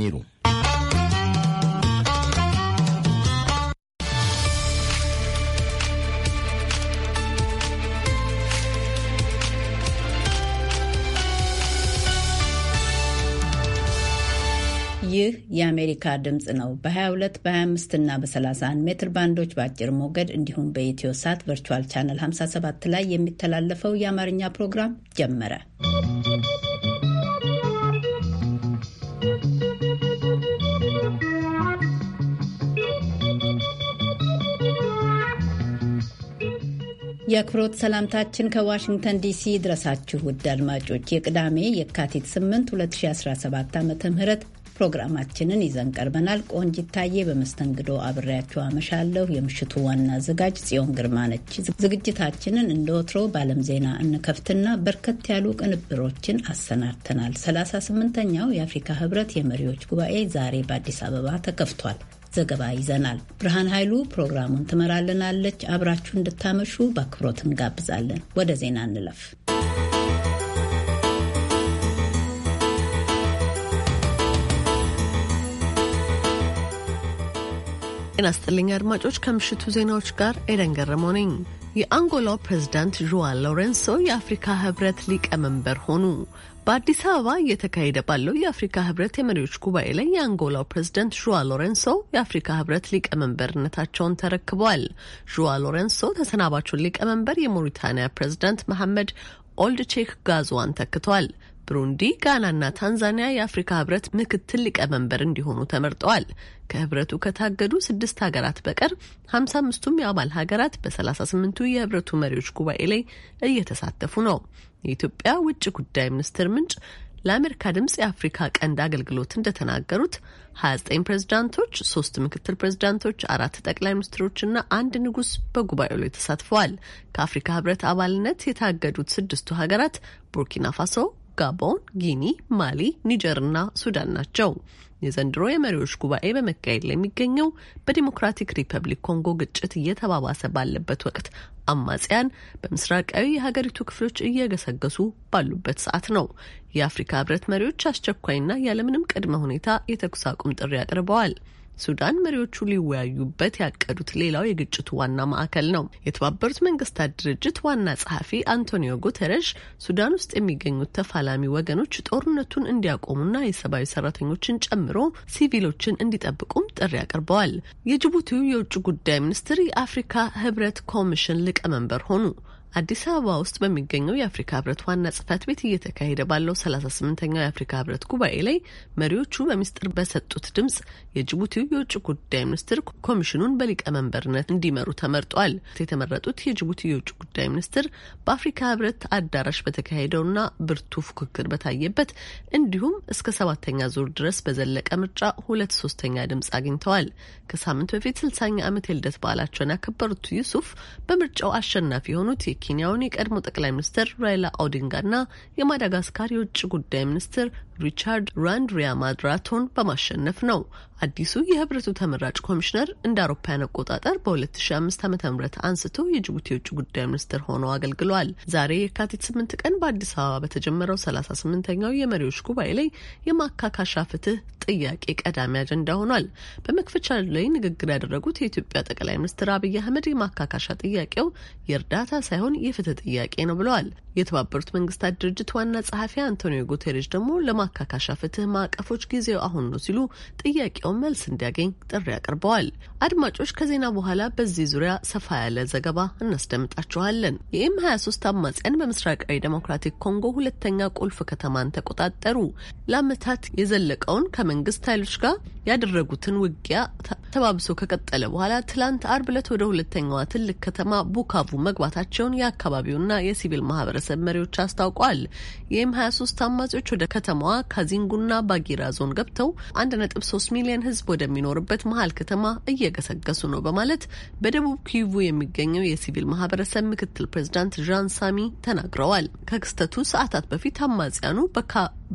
Miru. ይህ የአሜሪካ ድምፅ ነው። በ22 በ25 እና በ31 ሜትር ባንዶች በአጭር ሞገድ እንዲሁም በኢትዮ ሳት ቨርቹዋል ቻነል 57 ላይ የሚተላለፈው የአማርኛ ፕሮግራም ጀመረ። የአክብሮት ሰላምታችን ከዋሽንግተን ዲሲ ድረሳችሁ ውድ አድማጮች የቅዳሜ የካቲት 8 2017 ዓ ም ፕሮግራማችንን ይዘን ቀርበናል። ቆንጅ ታዬ በመስተንግዶ አብሬያችሁ አመሻለሁ። የምሽቱ ዋና አዘጋጅ ጽዮን ግርማ ነች። ዝግጅታችንን እንደ ወትሮ በዓለም ዜና እንከፍትና በርከት ያሉ ቅንብሮችን አሰናድተናል። 38ኛው የአፍሪካ ህብረት የመሪዎች ጉባኤ ዛሬ በአዲስ አበባ ተከፍቷል። ዘገባ ይዘናል። ብርሃን ኃይሉ ፕሮግራሙን ትመራልናለች። አብራችሁ እንድታመሹ በአክብሮት እንጋብዛለን። ወደ ዜና እንለፍ። ጤና ይስጥልኝ አድማጮች፣ ከምሽቱ ዜናዎች ጋር ኤደን ገረመው ነኝ። የአንጎላው ፕሬዝዳንት ዥዋን ሎሬንሶ የአፍሪካ ህብረት ሊቀመንበር ሆኑ። በአዲስ አበባ እየተካሄደ ባለው የአፍሪካ ህብረት የመሪዎች ጉባኤ ላይ የአንጎላው ፕሬዚደንት ዥዋ ሎረንሶ የአፍሪካ ህብረት ሊቀመንበርነታቸውን ተረክበዋል። ዥዋ ሎረንሶ ተሰናባቹን ሊቀመንበር የሞሪታንያ ፕሬዝዳንት መሐመድ ኦልድ ቼክ ተክቷል። ብሩንዲ፣ ጋናና ታንዛኒያ የአፍሪካ ህብረት ምክትል ሊቀመንበር እንዲሆኑ ተመርጠዋል። ከህብረቱ ከታገዱ ስድስት ሀገራት በቀር ሀምሳ አምስቱም የአባል ሀገራት በሰላሳ ስምንቱ የህብረቱ መሪዎች ጉባኤ ላይ እየተሳተፉ ነው። የኢትዮጵያ ውጭ ጉዳይ ሚኒስቴር ምንጭ ለአሜሪካ ድምጽ የአፍሪካ ቀንድ አገልግሎት እንደተናገሩት 29 ፕሬዝዳንቶች፣ ሶስት ምክትል ፕሬዝዳንቶች፣ አራት ጠቅላይ ሚኒስትሮችና አንድ ንጉስ በጉባኤው ላይ ተሳትፈዋል። ከአፍሪካ ህብረት አባልነት የታገዱት ስድስቱ ሀገራት ቡርኪና ፋሶ፣ ጋቦን፣ ጊኒ፣ ማሊ፣ ኒጀር እና ሱዳን ናቸው። የዘንድሮ የመሪዎች ጉባኤ በመካሄድ ላይ የሚገኘው በዲሞክራቲክ ሪፐብሊክ ኮንጎ ግጭት እየተባባሰ ባለበት ወቅት አማጽያን በምስራቃዊ የሀገሪቱ ክፍሎች እየገሰገሱ ባሉበት ሰዓት ነው። የአፍሪካ ህብረት መሪዎች አስቸኳይና ያለምንም ቅድመ ሁኔታ የተኩስ አቁም ጥሪ አቅርበዋል። ሱዳን መሪዎቹ ሊወያዩበት ያቀዱት ሌላው የግጭቱ ዋና ማዕከል ነው። የተባበሩት መንግስታት ድርጅት ዋና ጸሐፊ አንቶኒዮ ጉተረሽ ሱዳን ውስጥ የሚገኙት ተፋላሚ ወገኖች ጦርነቱን እንዲያቆሙና የሰብአዊ ሰራተኞችን ጨምሮ ሲቪሎችን እንዲጠብቁም ጥሪ አቅርበዋል። የጅቡቲው የውጭ ጉዳይ ሚኒስትር የአፍሪካ ህብረት ኮሚሽን ሊቀመንበር ሆኑ። አዲስ አበባ ውስጥ በሚገኘው የአፍሪካ ህብረት ዋና ጽህፈት ቤት እየተካሄደ ባለው 38ኛው የአፍሪካ ህብረት ጉባኤ ላይ መሪዎቹ በምስጢር በሰጡት ድምጽ የጅቡቲው የውጭ ጉዳይ ሚኒስትር ኮሚሽኑን በሊቀመንበርነት እንዲመሩ ተመርጧል። የተመረጡት የጅቡቲ የውጭ ጉዳይ ሚኒስትር በአፍሪካ ህብረት አዳራሽ በተካሄደውና ብርቱ ፉክክር በታየበት እንዲሁም እስከ ሰባተኛ ዙር ድረስ በዘለቀ ምርጫ ሁለት ሶስተኛ ድምጽ አግኝተዋል። ከሳምንት በፊት 60ኛ ዓመት የልደት በዓላቸውን ያከበሩት ዩሱፍ በምርጫው አሸናፊ የሆኑት የኬንያውን የቀድሞ ጠቅላይ ሚኒስትር ራይላ ኦዲንጋና የማዳጋስካር የውጭ ጉዳይ ሚኒስትር ሪቻርድ ራንድሪያ ማድራቶን በማሸነፍ ነው። አዲሱ የህብረቱ ተመራጭ ኮሚሽነር እንደ አውሮፓውያን አቆጣጠር በ2005 ዓ.ም አንስቶ የጅቡቲ የውጭ ጉዳይ ሚኒስትር ሆነው አገልግሏል። ዛሬ የካቲት 8 ቀን በአዲስ አበባ በተጀመረው 38ኛው የመሪዎች ጉባኤ ላይ የማካካሻ ፍትህ ጥያቄ ቀዳሚ አጀንዳ ሆኗል። በመክፈቻ ላይ ንግግር ያደረጉት የኢትዮጵያ ጠቅላይ ሚኒስትር አብይ አህመድ የማካካሻ ጥያቄው የእርዳታ ሳይሆን የፍትህ ጥያቄ ነው ብለዋል። የተባበሩት መንግስታት ድርጅት ዋና ጸሐፊ አንቶኒዮ ጉቴሬሽ ደግሞ ለማካካሻ ፍትህ ማዕቀፎች ጊዜው አሁን ነው ሲሉ ጥያቄውን መልስ እንዲያገኝ ጥሪ አቅርበዋል። አድማጮች ከዜና በኋላ በዚህ ዙሪያ ሰፋ ያለ ዘገባ እናስደምጣችኋለን። የኤም 23 አማጽያን በምስራቃዊ ዴሞክራቲክ ኮንጎ ሁለተኛ ቁልፍ ከተማን ተቆጣጠሩ። ለአመታት የዘለቀውን ከመንግስት ኃይሎች ጋር ያደረጉትን ውጊያ ተባብሶ ከቀጠለ በኋላ ትላንት አርብ ዕለት ወደ ሁለተኛዋ ትልቅ ከተማ ቡካቡ መግባታቸውን የአካባቢውና የሲቪል ማህበረሰብ ማህበረሰብ መሪዎች አስታውቀዋል። የኤም 23 አማጺዎች ወደ ከተማዋ ካዚንጉና ባጊራ ዞን ገብተው 1.3 ሚሊዮን ህዝብ ወደሚኖርበት መሀል ከተማ እየገሰገሱ ነው በማለት በደቡብ ኪቩ የሚገኘው የሲቪል ማህበረሰብ ምክትል ፕሬዚዳንት ዣን ሳሚ ተናግረዋል። ከክስተቱ ሰዓታት በፊት አማጽያኑ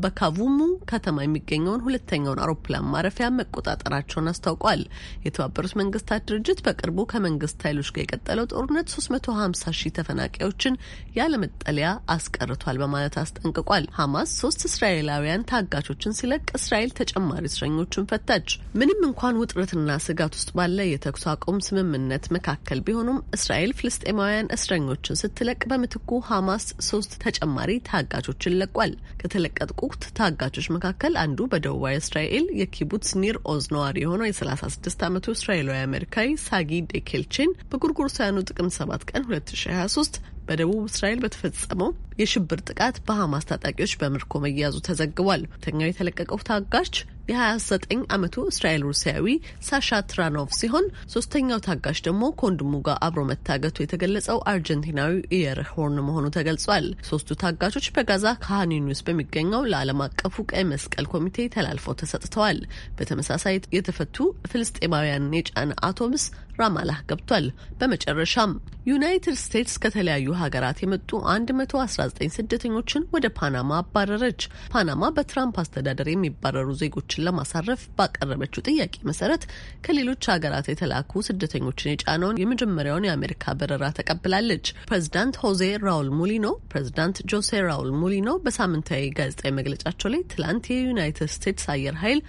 በካቡሙ ከተማ የሚገኘውን ሁለተኛውን አውሮፕላን ማረፊያ መቆጣጠራቸውን አስታውቋል። የተባበሩት መንግስታት ድርጅት በቅርቡ ከመንግስት ኃይሎች ጋር የቀጠለው ጦርነት 350 ሺህ ተፈናቃዮችን ያለመጠለያ አስቀርቷል በማለት አስጠንቅቋል። ሐማስ ሶስት እስራኤላውያን ታጋቾችን ሲለቅ እስራኤል ተጨማሪ እስረኞችን ፈታች። ምንም እንኳን ውጥረትና ስጋት ውስጥ ባለ የተኩስ አቁም ስምምነት መካከል ቢሆኑም እስራኤል ፍልስጤማውያን እስረኞችን ስትለቅ በምትኩ ሐማስ ሶስት ተጨማሪ ታጋቾችን ለቋል። ከተለቀጥቁ ከተለቀቁት ታጋቾች መካከል አንዱ በደቡባዊ እስራኤል የኪቡትስ ኒር ኦዝ ነዋሪ የሆነው የ36 ዓመቱ እስራኤላዊ አሜሪካዊ ሳጊ ዴኬልቼን በጎርጎሮሳውያኑ ጥቅምት 7 ቀን 2023 በደቡብ እስራኤል በተፈጸመው የሽብር ጥቃት በሐማስ ታጣቂዎች በምርኮ መያዙ ተዘግቧል። ተኛው የተለቀቀው ታጋች የ29 ዓመቱ እስራኤል ሩሲያዊ ሳሻ ትራኖቭ ሲሆን ሶስተኛው ታጋች ደግሞ ከወንድሙ ጋር አብሮ መታገቱ የተገለጸው አርጀንቲናዊ ኢየር ሆርን መሆኑ ተገልጿል። ሶስቱ ታጋቾች በጋዛ ካን በሚገኘው ለዓለም አቀፉ ቀይ መስቀል ኮሚቴ ተላልፈው ተሰጥተዋል። በተመሳሳይ የተፈቱ ፍልስጤማውያን የጫነ አውቶቡስ ራማላህ ገብቷል። በመጨረሻም ዩናይትድ ስቴትስ ከተለያዩ ሀገራት የመጡ 119 ስደተኞችን ወደ ፓናማ አባረረች። ፓናማ በትራምፕ አስተዳደር የሚባረሩ ዜጎችን ለማሳረፍ ባቀረበችው ጥያቄ መሰረት ከሌሎች ሀገራት የተላኩ ስደተኞችን የጫነውን የመጀመሪያውን የአሜሪካ በረራ ተቀብላለች። ፕሬዚዳንት ሆዜ ራውል ሙሊኖ ፕሬዚዳንት ጆሴ ራውል ሙሊኖ በሳምንታዊ ጋዜጣዊ መግለጫቸው ላይ ትላንት የዩናይትድ ስቴትስ አየር ኃይል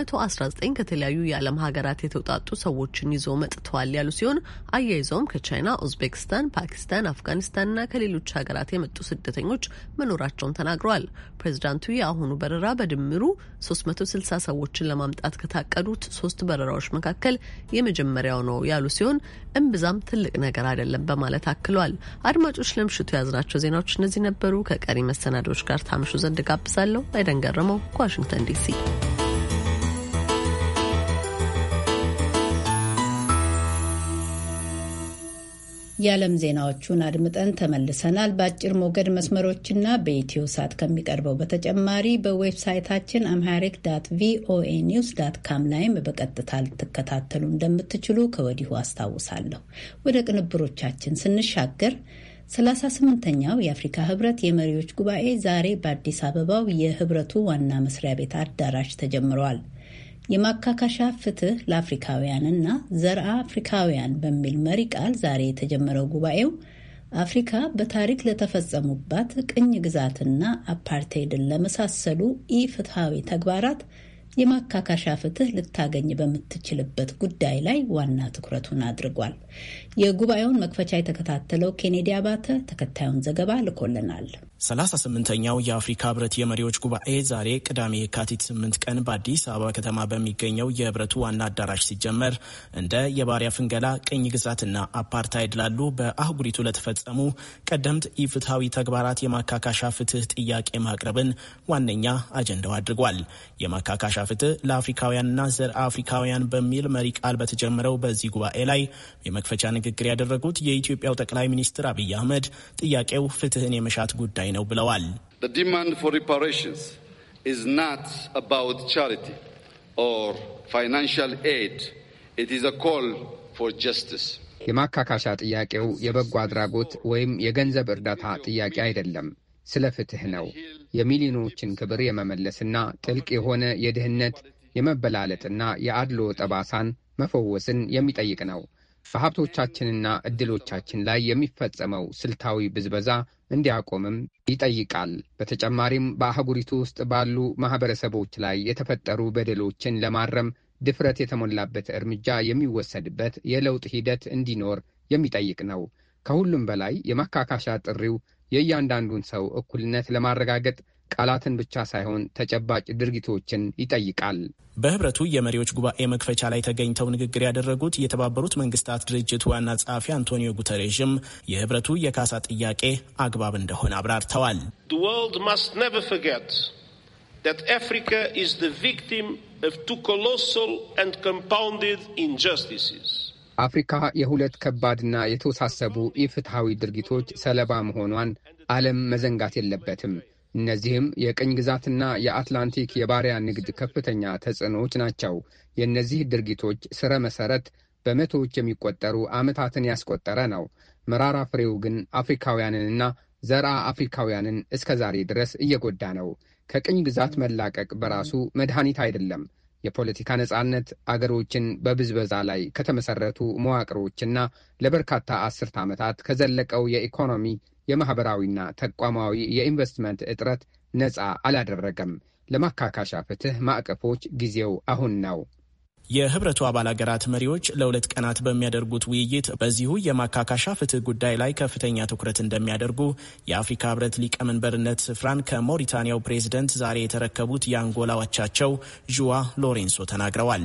119 ከተለያዩ የዓለም ሀገራት የተውጣጡ ሰዎችን ይዞ አጥተዋል ያሉ ሲሆን አያይዘውም ከቻይና፣ ኡዝቤክስታን፣ ፓኪስታን፣ አፍጋኒስታንና ከሌሎች ሀገራት የመጡ ስደተኞች መኖራቸውን ተናግረዋል። ፕሬዚዳንቱ የአሁኑ በረራ በድምሩ 360 ሰዎችን ለማምጣት ከታቀዱት ሶስት በረራዎች መካከል የመጀመሪያው ነው ያሉ ሲሆን እምብዛም ትልቅ ነገር አይደለም በማለት አክለዋል። አድማጮች ለምሽቱ የያዝናቸው ዜናዎች እነዚህ ነበሩ። ከቀሪ መሰናዶዎች ጋር ታምሹ ዘንድ ጋብዛለሁ። አይደን ገረመው ከዋሽንግተን ዲሲ የዓለም ዜናዎቹን አድምጠን ተመልሰናል። በአጭር ሞገድ መስመሮችና በኢትዮ ሳት ከሚቀርበው በተጨማሪ በዌብሳይታችን አምሃሪክ ዳት ቪኦኤ ኒውስ ዳት ካም ላይም በቀጥታ ልትከታተሉ እንደምትችሉ ከወዲሁ አስታውሳለሁ። ወደ ቅንብሮቻችን ስንሻገር 38ኛው የአፍሪካ ህብረት የመሪዎች ጉባኤ ዛሬ በአዲስ አበባው የህብረቱ ዋና መስሪያ ቤት አዳራሽ ተጀምረዋል። የማካካሻ ፍትህ ለአፍሪካውያንና ዘርአ አፍሪካውያን በሚል መሪ ቃል ዛሬ የተጀመረው ጉባኤው አፍሪካ በታሪክ ለተፈጸሙባት ቅኝ ግዛትና አፓርቴይድን ለመሳሰሉ ኢፍትሐዊ ተግባራት የማካካሻ ፍትህ ልታገኝ በምትችልበት ጉዳይ ላይ ዋና ትኩረቱን አድርጓል። የጉባኤውን መክፈቻ የተከታተለው ኬኔዲ አባተ ተከታዩን ዘገባ ልኮልናል። ሰላሳ 38ኛው የአፍሪካ ህብረት የመሪዎች ጉባኤ ዛሬ ቅዳሜ የካቲት ስምንት ቀን በአዲስ አበባ ከተማ በሚገኘው የህብረቱ ዋና አዳራሽ ሲጀመር እንደ የባሪያ ፍንገላ፣ ቅኝ ግዛትና አፓርታይድ ላሉ በአህጉሪቱ ለተፈጸሙ ቀደምት ኢፍትሐዊ ተግባራት የማካካሻ ፍትህ ጥያቄ ማቅረብን ዋነኛ አጀንዳው አድርጓል። የማካካሻ የአፍሪካ ፍትህ ለአፍሪካውያንና ዘር አፍሪካውያን በሚል መሪ ቃል በተጀመረው በዚህ ጉባኤ ላይ የመክፈቻ ንግግር ያደረጉት የኢትዮጵያው ጠቅላይ ሚኒስትር አብይ አህመድ ጥያቄው ፍትህን የመሻት ጉዳይ ነው ብለዋል። ዲማንድ ፎር ሪፓሬሽንስ ኢዝ ናት አባውት ቻሪቲ ኦር ፋይናንሻል ኤድ ኢት ኢዝ አ ኮል ፎር ጀስቲስ የማካካሻ ጥያቄው የበጎ አድራጎት ወይም የገንዘብ እርዳታ ጥያቄ አይደለም። ስለ ፍትህ ነው። የሚሊዮኖችን ክብር የመመለስና ጥልቅ የሆነ የድህነት የመበላለጥና የአድሎ ጠባሳን መፈወስን የሚጠይቅ ነው። በሀብቶቻችንና እድሎቻችን ላይ የሚፈጸመው ስልታዊ ብዝበዛ እንዲያቆምም ይጠይቃል። በተጨማሪም በአህጉሪቱ ውስጥ ባሉ ማኅበረሰቦች ላይ የተፈጠሩ በደሎችን ለማረም ድፍረት የተሞላበት እርምጃ የሚወሰድበት የለውጥ ሂደት እንዲኖር የሚጠይቅ ነው። ከሁሉም በላይ የማካካሻ ጥሪው የእያንዳንዱን ሰው እኩልነት ለማረጋገጥ ቃላትን ብቻ ሳይሆን ተጨባጭ ድርጊቶችን ይጠይቃል። በህብረቱ የመሪዎች ጉባኤ መክፈቻ ላይ ተገኝተው ንግግር ያደረጉት የተባበሩት መንግስታት ድርጅት ዋና ጸሐፊ አንቶኒዮ ጉተሬዥም የህብረቱ የካሳ ጥያቄ አግባብ እንደሆነ አብራርተዋል። ሪካ አፍሪካ የሁለት ከባድና የተወሳሰቡ ኢፍትሐዊ ድርጊቶች ሰለባ መሆኗን ዓለም መዘንጋት የለበትም። እነዚህም የቅኝ ግዛትና የአትላንቲክ የባሪያ ንግድ ከፍተኛ ተጽዕኖዎች ናቸው። የእነዚህ ድርጊቶች ሥረ መሠረት በመቶዎች የሚቆጠሩ ዓመታትን ያስቆጠረ ነው። መራራ ፍሬው ግን አፍሪካውያንንና ዘራ አፍሪካውያንን እስከ ዛሬ ድረስ እየጎዳ ነው። ከቅኝ ግዛት መላቀቅ በራሱ መድኃኒት አይደለም። የፖለቲካ ነጻነት አገሮችን በብዝበዛ ላይ ከተመሰረቱ መዋቅሮችና ለበርካታ አስርት ዓመታት ከዘለቀው የኢኮኖሚ የማኅበራዊና ተቋማዊ የኢንቨስትመንት እጥረት ነፃ አላደረገም። ለማካካሻ ፍትህ ማዕቀፎች ጊዜው አሁን ነው። የህብረቱ አባል ሀገራት መሪዎች ለሁለት ቀናት በሚያደርጉት ውይይት በዚሁ የማካካሻ ፍትህ ጉዳይ ላይ ከፍተኛ ትኩረት እንደሚያደርጉ የአፍሪካ ህብረት ሊቀመንበርነት ስፍራን ከሞሪታንያው ፕሬዝደንት ዛሬ የተረከቡት የአንጎላ ዥዋ ሎሬንሶ ተናግረዋል።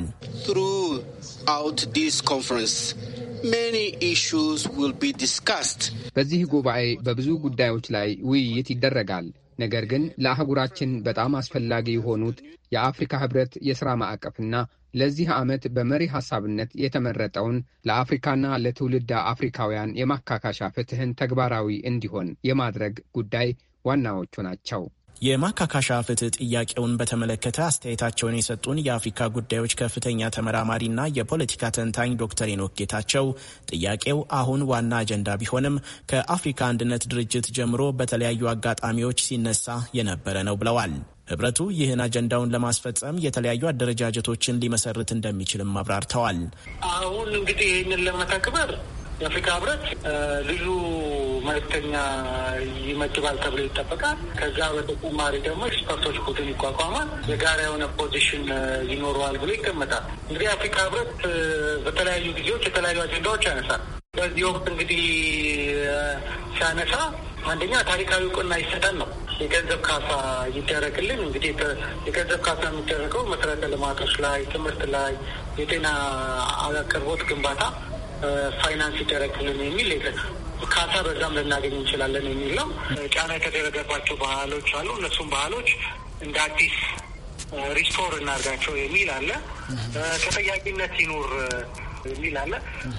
በዚህ ጉባኤ በብዙ ጉዳዮች ላይ ውይይት ይደረጋል። ነገር ግን ለአህጉራችን በጣም አስፈላጊ የሆኑት የአፍሪካ ህብረት የሥራ ማዕቀፍና ለዚህ ዓመት በመሪ ሐሳብነት የተመረጠውን ለአፍሪካና ለትውልድ አፍሪካውያን የማካካሻ ፍትህን ተግባራዊ እንዲሆን የማድረግ ጉዳይ ዋናዎቹ ናቸው። የማካካሻ ፍትህ ጥያቄውን በተመለከተ አስተያየታቸውን የሰጡን የአፍሪካ ጉዳዮች ከፍተኛ ተመራማሪና የፖለቲካ ተንታኝ ዶክተር ኖክ ጌታቸው ጥያቄው አሁን ዋና አጀንዳ ቢሆንም ከአፍሪካ አንድነት ድርጅት ጀምሮ በተለያዩ አጋጣሚዎች ሲነሳ የነበረ ነው ብለዋል። ህብረቱ ይህን አጀንዳውን ለማስፈጸም የተለያዩ አደረጃጀቶችን ሊመሰርት እንደሚችልም አብራርተዋል። አሁን እንግዲህ ይህንን ለመተግበር የአፍሪካ ህብረት ልዩ መልክተኛ ይመድባል ተብሎ ይጠበቃል። ከዛ በተጨማሪ ደግሞ ኤክስፐርቶች ቡድን ይቋቋማል። የጋራ የሆነ ፖዚሽን ይኖረዋል ብሎ ይገመታል። እንግዲህ የአፍሪካ ህብረት በተለያዩ ጊዜዎች የተለያዩ አጀንዳዎች ያነሳል። በዚህ ወቅት እንግዲህ ሲያነሳ አንደኛ ታሪካዊ እውቅና ይሰጠን ነው የገንዘብ ካሳ ይደረግልን። እንግዲህ የገንዘብ ካሳ የሚደረገው መሰረተ ልማቶች ላይ፣ ትምህርት ላይ፣ የጤና አቅርቦት ግንባታ ፋይናንስ ይደረግልን የሚል ካሳ በዛም ልናገኝ እንችላለን የሚል ነው። ጫና የተደረገባቸው ባህሎች አሉ። እነሱም ባህሎች እንደ አዲስ ሪስቶር እናርጋቸው የሚል አለ። ተጠያቂነት ይኖር የሚል አለ።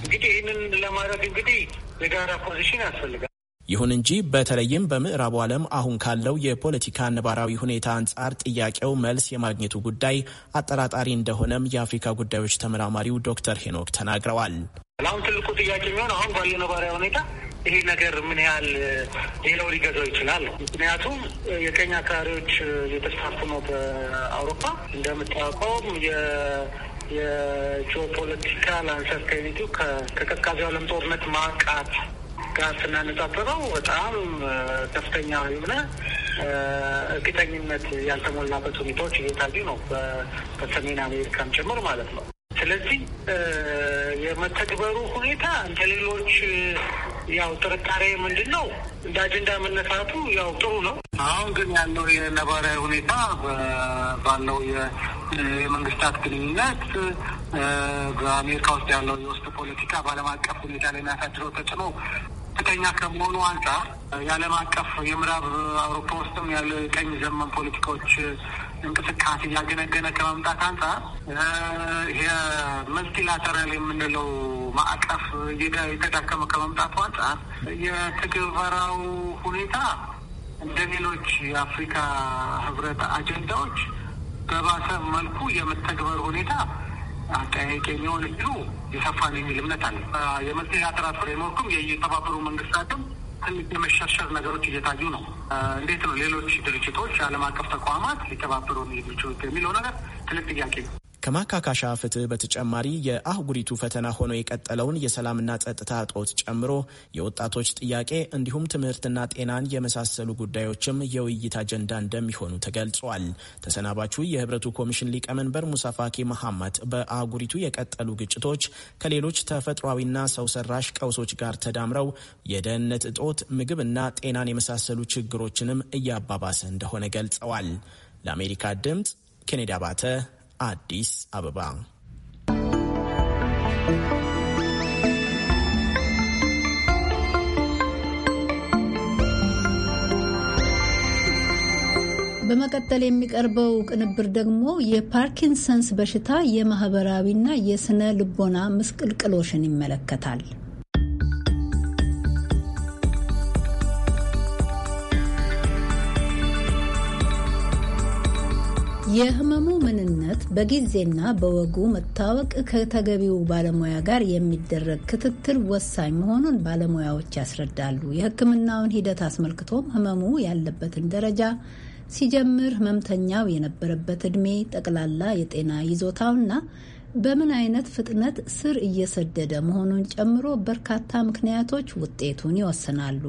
እንግዲህ ይህንን ለማድረግ እንግዲህ የጋራ ፖዚሽን ያስፈልጋል። ይሁን እንጂ በተለይም በምዕራቡ ዓለም አሁን ካለው የፖለቲካ ነባራዊ ሁኔታ አንጻር ጥያቄው መልስ የማግኘቱ ጉዳይ አጠራጣሪ እንደሆነም የአፍሪካ ጉዳዮች ተመራማሪው ዶክተር ሄኖክ ተናግረዋል። አሁን ትልቁ ጥያቄ የሚሆን አሁን ባለው ነባራዊ ሁኔታ ይሄ ነገር ምን ያህል ሌላው ሊገዛው ይችላል? ምክንያቱም የቀኝ አክራሪዎች እየተስፋፉ ነው። በአውሮፓ እንደምታውቀውም የጂኦፖለቲካል አንሰርቴኒቲው ከቀዝቃዛው ዓለም ጦርነት ማቃት ጋር ስናነጻጽረው በጣም ከፍተኛ የሆነ እርግጠኝነት ያልተሞላበት ሁኔታዎች እየታዩ ነው፣ በሰሜን አሜሪካም ጭምር ማለት ነው። ስለዚህ የመተግበሩ ሁኔታ እንደ ሌሎች ያው ጥርጣሬ ምንድን ነው እንደ አጀንዳ መነሳቱ ያው ጥሩ ነው። አሁን ግን ያለው የነባራዊ ሁኔታ ባለው የመንግስታት ግንኙነት በአሜሪካ ውስጥ ያለው የውስጥ ፖለቲካ በዓለም አቀፍ ሁኔታ ላይ የሚያሳድረው ተጽዕኖ ከፍተኛ ከመሆኑ አንጻር የዓለም አቀፍ የምዕራብ አውሮፓ ውስጥም ያለ ቀኝ ዘመን ፖለቲካዎች እንቅስቃሴ እያገነገነ ከመምጣት አንጻር ይሄ መልቲላተራል የምንለው ማዕቀፍ የተዳከመ ከመምጣቱ አንጻር የትግበራው ሁኔታ እንደ ሌሎች የአፍሪካ ህብረት አጀንዳዎች በባሰ መልኩ የመተግበር ሁኔታ አጠያቂ የሚሆን እድሉ የሰፋ ነው የሚል እምነት አለ። የመፍትሄ አጥራት ፍሬምወርኩም የተባበሩ መንግስታትም ትንሽ የመሸርሸር ነገሮች እየታዩ ነው። እንዴት ነው ሌሎች ድርጅቶች፣ ዓለም አቀፍ ተቋማት ሊተባበሩ የሚችሉት የሚለው ነገር ትልቅ ጥያቄ ነው። ከማካካሻ ፍትህ በተጨማሪ የአህጉሪቱ ፈተና ሆኖ የቀጠለውን የሰላምና ጸጥታ እጦት ጨምሮ የወጣቶች ጥያቄ እንዲሁም ትምህርትና ጤናን የመሳሰሉ ጉዳዮችም የውይይት አጀንዳ እንደሚሆኑ ተገልጿል። ተሰናባቹ የህብረቱ ኮሚሽን ሊቀመንበር ሙሳፋኪ መሐማት በአህጉሪቱ የቀጠሉ ግጭቶች ከሌሎች ተፈጥሯዊና ሰው ሰራሽ ቀውሶች ጋር ተዳምረው የደህንነት እጦት፣ ምግብና ጤናን የመሳሰሉ ችግሮችንም እያባባሰ እንደሆነ ገልጸዋል። ለአሜሪካ ድምፅ ኬኔዲ አባተ አዲስ አበባ። በመቀጠል የሚቀርበው ቅንብር ደግሞ የፓርኪንሰንስ በሽታ የማህበራዊና የስነ ልቦና ምስቅልቅሎሽን ይመለከታል። የህመሙ ምንነት በጊዜና በወጉ መታወቅ ከተገቢው ባለሙያ ጋር የሚደረግ ክትትል ወሳኝ መሆኑን ባለሙያዎች ያስረዳሉ። የህክምናውን ሂደት አስመልክቶም ህመሙ ያለበትን ደረጃ ሲጀምር፣ ህመምተኛው የነበረበት ዕድሜ፣ ጠቅላላ የጤና ይዞታውና በምን አይነት ፍጥነት ስር እየሰደደ መሆኑን ጨምሮ በርካታ ምክንያቶች ውጤቱን ይወስናሉ።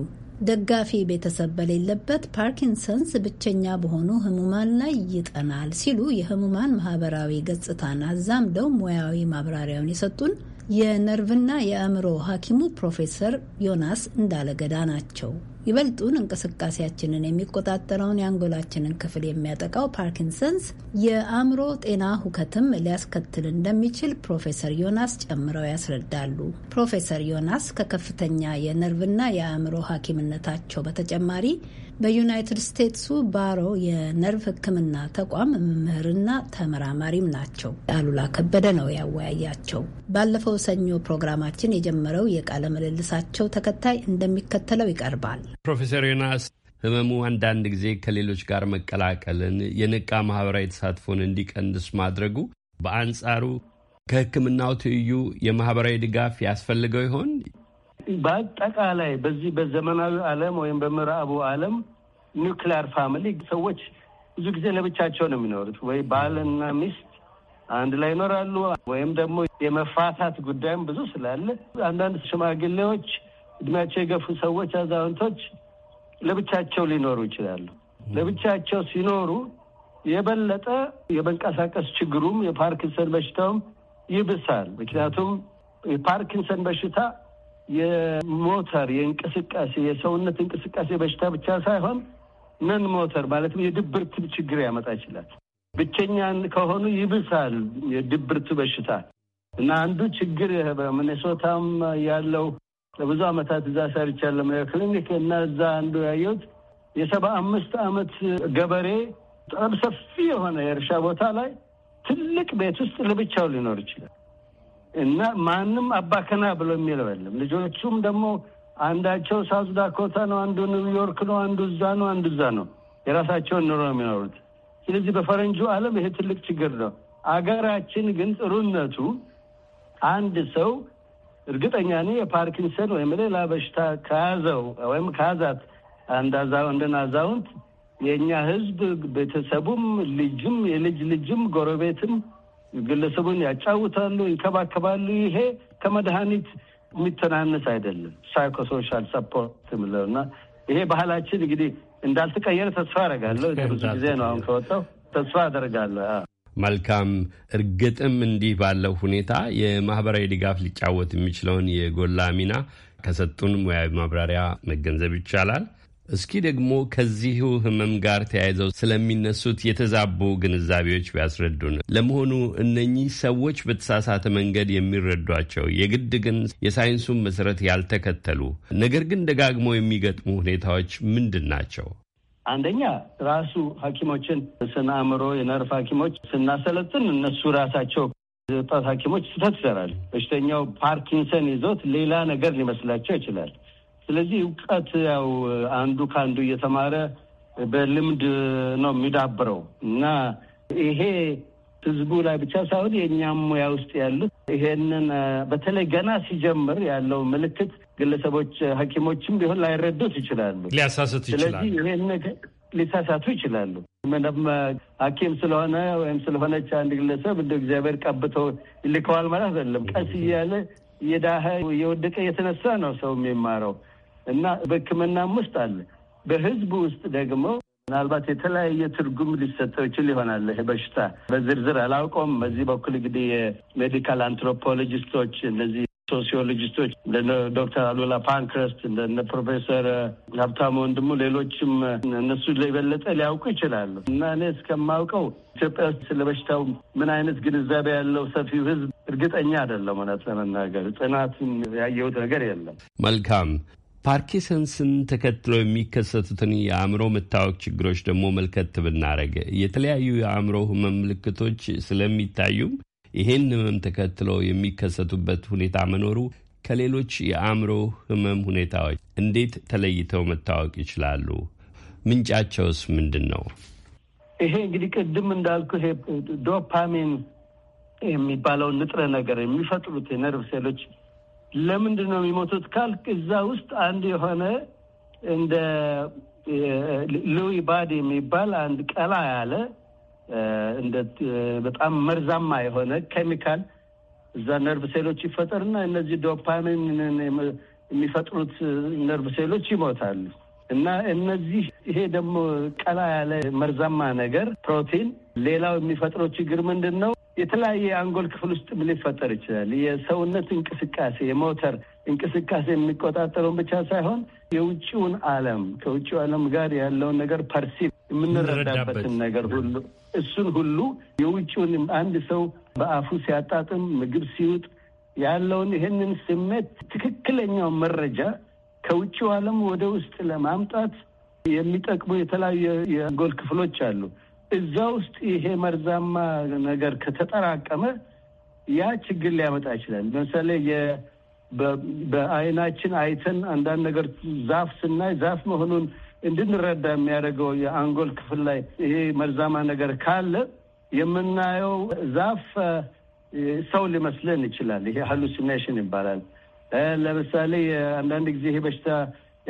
ደጋፊ ቤተሰብ በሌለበት ፓርኪንሰንስ ብቸኛ በሆኑ ህሙማን ላይ ይጠናል ሲሉ የህሙማን ማህበራዊ ገጽታን አዛምደው ሙያዊ ማብራሪያውን የሰጡን የነርቭና የአእምሮ ሐኪሙ ፕሮፌሰር ዮናስ እንዳለገዳ ናቸው። ይበልጡን እንቅስቃሴያችንን የሚቆጣጠረውን የአንጎላችንን ክፍል የሚያጠቃው ፓርኪንሰንስ የአእምሮ ጤና ሁከትም ሊያስከትል እንደሚችል ፕሮፌሰር ዮናስ ጨምረው ያስረዳሉ። ፕሮፌሰር ዮናስ ከከፍተኛ የነርቭና የአእምሮ ሐኪምነታቸው በተጨማሪ በዩናይትድ ስቴትሱ ባሮ የነርቭ ሕክምና ተቋም መምህርና ተመራማሪም ናቸው። አሉላ ከበደ ነው ያወያያቸው። ባለፈው ሰኞ ፕሮግራማችን የጀመረው የቃለ ምልልሳቸው ተከታይ እንደሚከተለው ይቀርባል። ፕሮፌሰር ዮናስ ህመሙ አንዳንድ ጊዜ ከሌሎች ጋር መቀላቀልን የነቃ ማህበራዊ ተሳትፎን እንዲቀንስ ማድረጉ በአንጻሩ ከህክምናው ትይዩ የማህበራዊ ድጋፍ ያስፈልገው ይሆን? በአጠቃላይ በዚህ በዘመናዊ ዓለም ወይም በምዕራቡ ዓለም ኒውክሊያር ፋሚሊ ሰዎች ብዙ ጊዜ ለብቻቸው ነው የሚኖሩት። ወይ ባልና ሚስት አንድ ላይ ይኖራሉ፣ ወይም ደግሞ የመፋታት ጉዳይም ብዙ ስላለ አንዳንድ ሽማግሌዎች፣ እድሜያቸው የገፉ ሰዎች፣ አዛውንቶች ለብቻቸው ሊኖሩ ይችላሉ። ለብቻቸው ሲኖሩ የበለጠ የመንቀሳቀስ ችግሩም የፓርኪንሰን በሽታውም ይብሳል። ምክንያቱም የፓርኪንሰን በሽታ የሞተር የእንቅስቃሴ የሰውነት እንቅስቃሴ በሽታ ብቻ ሳይሆን ምን ሞተር ማለትም የድብርት ችግር ያመጣ ይችላል። ብቸኛ ከሆኑ ይብሳል የድብርት በሽታ እና አንዱ ችግር በሚኔሶታም ያለው ለብዙ ዓመታት እዛ ሰርቻለሁ ክሊኒክ እና እዛ አንዱ ያየሁት የሰባ አምስት ዓመት ገበሬ በጣም ሰፊ የሆነ የእርሻ ቦታ ላይ ትልቅ ቤት ውስጥ ለብቻው ሊኖር ይችላል። እና ማንም አባከና ብሎ የሚለው የለም። ልጆቹም ደግሞ አንዳቸው ሳውዝ ዳኮታ ነው፣ አንዱ ኒውዮርክ ነው፣ አንዱ እዛ ነው፣ አንዱ እዛ ነው። የራሳቸውን ኑሮ ነው የሚኖሩት። ስለዚህ በፈረንጁ ዓለም ይሄ ትልቅ ችግር ነው። አገራችን ግን ጥሩነቱ አንድ ሰው እርግጠኛ ነኝ የፓርኪንሰን ወይም ሌላ በሽታ ከያዘው ወይም ከያዛት አዛውንት የእኛ ህዝብ ቤተሰቡም ልጅም የልጅ ልጅም ጎረቤትም ግለሰቡን ያጫውታሉ፣ ይንከባከባሉ። ይሄ ከመድኃኒት የሚተናነስ አይደለም። ሳይኮሶሻል ሰፖርት የምለው እና ይሄ ባህላችን እንግዲህ እንዳልተቀየረ ተስፋ አደርጋለሁ። ብዙ ጊዜ ነው አሁን ከወጣው ተስፋ አደርጋለሁ። መልካም። እርግጥም እንዲህ ባለው ሁኔታ የማህበራዊ ድጋፍ ሊጫወት የሚችለውን የጎላ ሚና ከሰጡን ሙያዊ ማብራሪያ መገንዘብ ይቻላል። እስኪ ደግሞ ከዚሁ ህመም ጋር ተያይዘው ስለሚነሱት የተዛቡ ግንዛቤዎች ቢያስረዱን። ለመሆኑ እነኚህ ሰዎች በተሳሳተ መንገድ የሚረዷቸው የግድ ግን የሳይንሱን መሰረት ያልተከተሉ ነገር ግን ደጋግሞ የሚገጥሙ ሁኔታዎች ምንድን ናቸው? አንደኛ ራሱ ሐኪሞችን ስነ አእምሮ የነርፍ ሐኪሞች ስናሰለጥን እነሱ ራሳቸው ወጣት ሐኪሞች ስህተት ይሰራል። በሽተኛው ፓርኪንሰን ይዞት ሌላ ነገር ሊመስላቸው ይችላል። ስለዚህ እውቀት ያው አንዱ ከአንዱ እየተማረ በልምድ ነው የሚዳብረው እና ይሄ ህዝቡ ላይ ብቻ ሳይሆን የእኛም ሙያ ውስጥ ያሉት ይሄንን በተለይ ገና ሲጀምር ያለው ምልክት ግለሰቦች ሐኪሞችም ቢሆን ላይረዱት ይችላሉ፣ ሊያሳስቱ ይችላሉ። ስለዚህ ይሄን ሊሳሳቱ ይችላሉ። ምንም ሐኪም ስለሆነ ወይም ስለሆነች አንድ ግለሰብ እንደ እግዚአብሔር ቀብቶ ይልከዋል ማለት አይደለም። ቀስ እያለ የዳህ የወደቀ የተነሳ ነው ሰው የሚማረው። እና በሕክምናም ውስጥ አለ። በህዝብ ውስጥ ደግሞ ምናልባት የተለያየ ትርጉም ሊሰጠው ይችል ይሆናል። በሽታ በዝርዝር አላውቀውም። በዚህ በኩል እንግዲህ የሜዲካል አንትሮፖሎጂስቶች እነዚህ ሶሲዮሎጂስቶች እንደ ዶክተር አሉላ ፓንክረስት እንደ ፕሮፌሰር ሀብታሙ ወንድሙ ሌሎችም እነሱ የበለጠ ሊያውቁ ይችላሉ እና እኔ እስከማውቀው ኢትዮጵያ ውስጥ ስለ በሽታው ምን አይነት ግንዛቤ ያለው ሰፊው ህዝብ እርግጠኛ አይደለም። እውነት ለመናገር ጥናትን ያየሁት ነገር የለም። መልካም ፓርኪንሰንስን ተከትሎ የሚከሰቱትን የአእምሮ መታወክ ችግሮች ደግሞ መልከት ብናደረግ የተለያዩ የአእምሮ ህመም ምልክቶች ስለሚታዩም ይህን ህመም ተከትሎ የሚከሰቱበት ሁኔታ መኖሩ ከሌሎች የአእምሮ ህመም ሁኔታዎች እንዴት ተለይተው መታወቅ ይችላሉ? ምንጫቸውስ ምንድን ነው? ይሄ እንግዲህ ቅድም እንዳልኩ ዶፓሚን የሚባለው ንጥረ ነገር የሚፈጥሩት የነርቭ ሴሎች ለምንድን ነው የሚሞቱት ካልክ እዛ ውስጥ አንድ የሆነ እንደ ሉዊ ባድ የሚባል አንድ ቀላ ያለ እንደ በጣም መርዛማ የሆነ ኬሚካል እዛ ነርቭ ሴሎች ይፈጠርና እነዚህ ዶፓሚን የሚፈጥሩት ነርቭ ሴሎች ይሞታሉ። እና እነዚህ ይሄ ደግሞ ቀላ ያለ መርዛማ ነገር ፕሮቲን ሌላው የሚፈጥረው ችግር ምንድን ነው? የተለያየ የአንጎል ክፍል ምን ሊፈጠር ይችላል። የሰውነት እንቅስቃሴ የሞተር እንቅስቃሴ የሚቆጣጠረውን ብቻ ሳይሆን የውጭውን ዓለም ከውጭው ዓለም ጋር ያለውን ነገር ፐርሲቭ የምንረዳበትን ነገር ሁሉ እሱን ሁሉ የውጭውን አንድ ሰው በአፉ ሲያጣጥም፣ ምግብ ሲውጥ ያለውን ይህንን ስሜት ትክክለኛው መረጃ ከውጭው ዓለም ወደ ውስጥ ለማምጣት የሚጠቅሙ የተለያዩ የአንጎል ክፍሎች አሉ። እዛ ውስጥ ይሄ መርዛማ ነገር ከተጠራቀመ ያ ችግር ሊያመጣ ይችላል። ለምሳሌ በአይናችን አይተን አንዳንድ ነገር ዛፍ ስናይ ዛፍ መሆኑን እንድንረዳ የሚያደርገው የአንጎል ክፍል ላይ ይሄ መርዛማ ነገር ካለ የምናየው ዛፍ ሰው ሊመስለን ይችላል። ይሄ ሃሉሲኔሽን ይባላል። ለምሳሌ አንዳንድ ጊዜ ይሄ በሽታ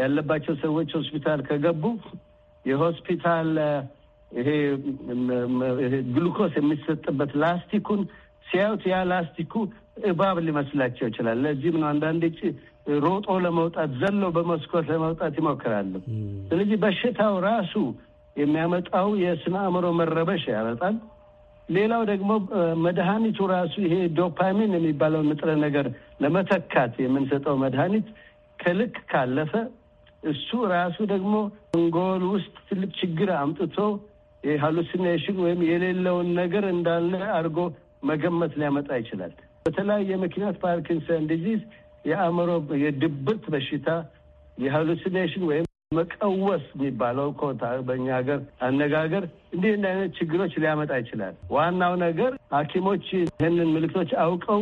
ያለባቸው ሰዎች ሆስፒታል ከገቡ የሆስፒታል ይሄ ግሉኮስ የሚሰጥበት ላስቲኩን ሲያዩት ያ ላስቲኩ እባብ ሊመስላቸው ይችላል። ለዚህም ነው አንዳንድ ሮጦ ለመውጣት ዘሎ በመስኮት ለመውጣት ይሞክራሉ። ስለዚህ በሽታው ራሱ የሚያመጣው የስነ አእምሮ መረበሽ ያመጣል። ሌላው ደግሞ መድኃኒቱ ራሱ ይሄ ዶፓሚን የሚባለው ንጥረ ነገር ለመተካት የምንሰጠው መድኃኒት ከልክ ካለፈ እሱ ራሱ ደግሞ እንጎል ውስጥ ትልቅ ችግር አምጥቶ የሃሉሲኔሽን ወይም የሌለውን ነገር እንዳለ አድርጎ መገመት ሊያመጣ ይችላል። በተለያየ ምክንያት ፓርኪንሰን ዲዚዝ የአእምሮ የድብርት በሽታ የሃሉሲኔሽን ወይም መቀወስ የሚባለው ኮታ በእኛ ሀገር አነጋገር እንዲህ እንደ አይነት ችግሮች ሊያመጣ ይችላል። ዋናው ነገር ሐኪሞች ይህንን ምልክቶች አውቀው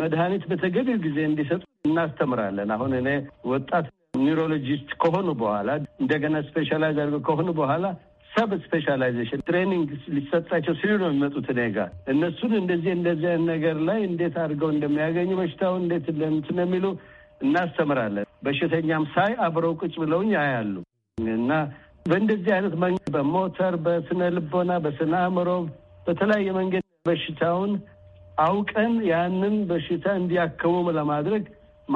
መድኃኒት በተገቢው ጊዜ እንዲሰጡ እናስተምራለን። አሁን እኔ ወጣት ኒውሮሎጂስት ከሆኑ በኋላ እንደገና ስፔሻላይዝ አድርገው ከሆኑ በኋላ ሰብ ስፔሻላይዜሽን ትሬኒንግ ሊሰጣቸው ሲሉ ነው የሚመጡት እኔ ጋር። እነሱን እንደዚህ እንደዚህ አይነት ነገር ላይ እንዴት አድርገው እንደሚያገኙ በሽታው እንዴት እንደምት የሚሉ እናስተምራለን። በሽተኛም ሳይ አብረው ቁጭ ብለውኝ ያያሉ እና በእንደዚህ አይነት መንገድ በሞተር በስነ ልቦና በስነ አእምሮ በተለያየ መንገድ በሽታውን አውቀን ያንን በሽታ እንዲያከሙም ለማድረግ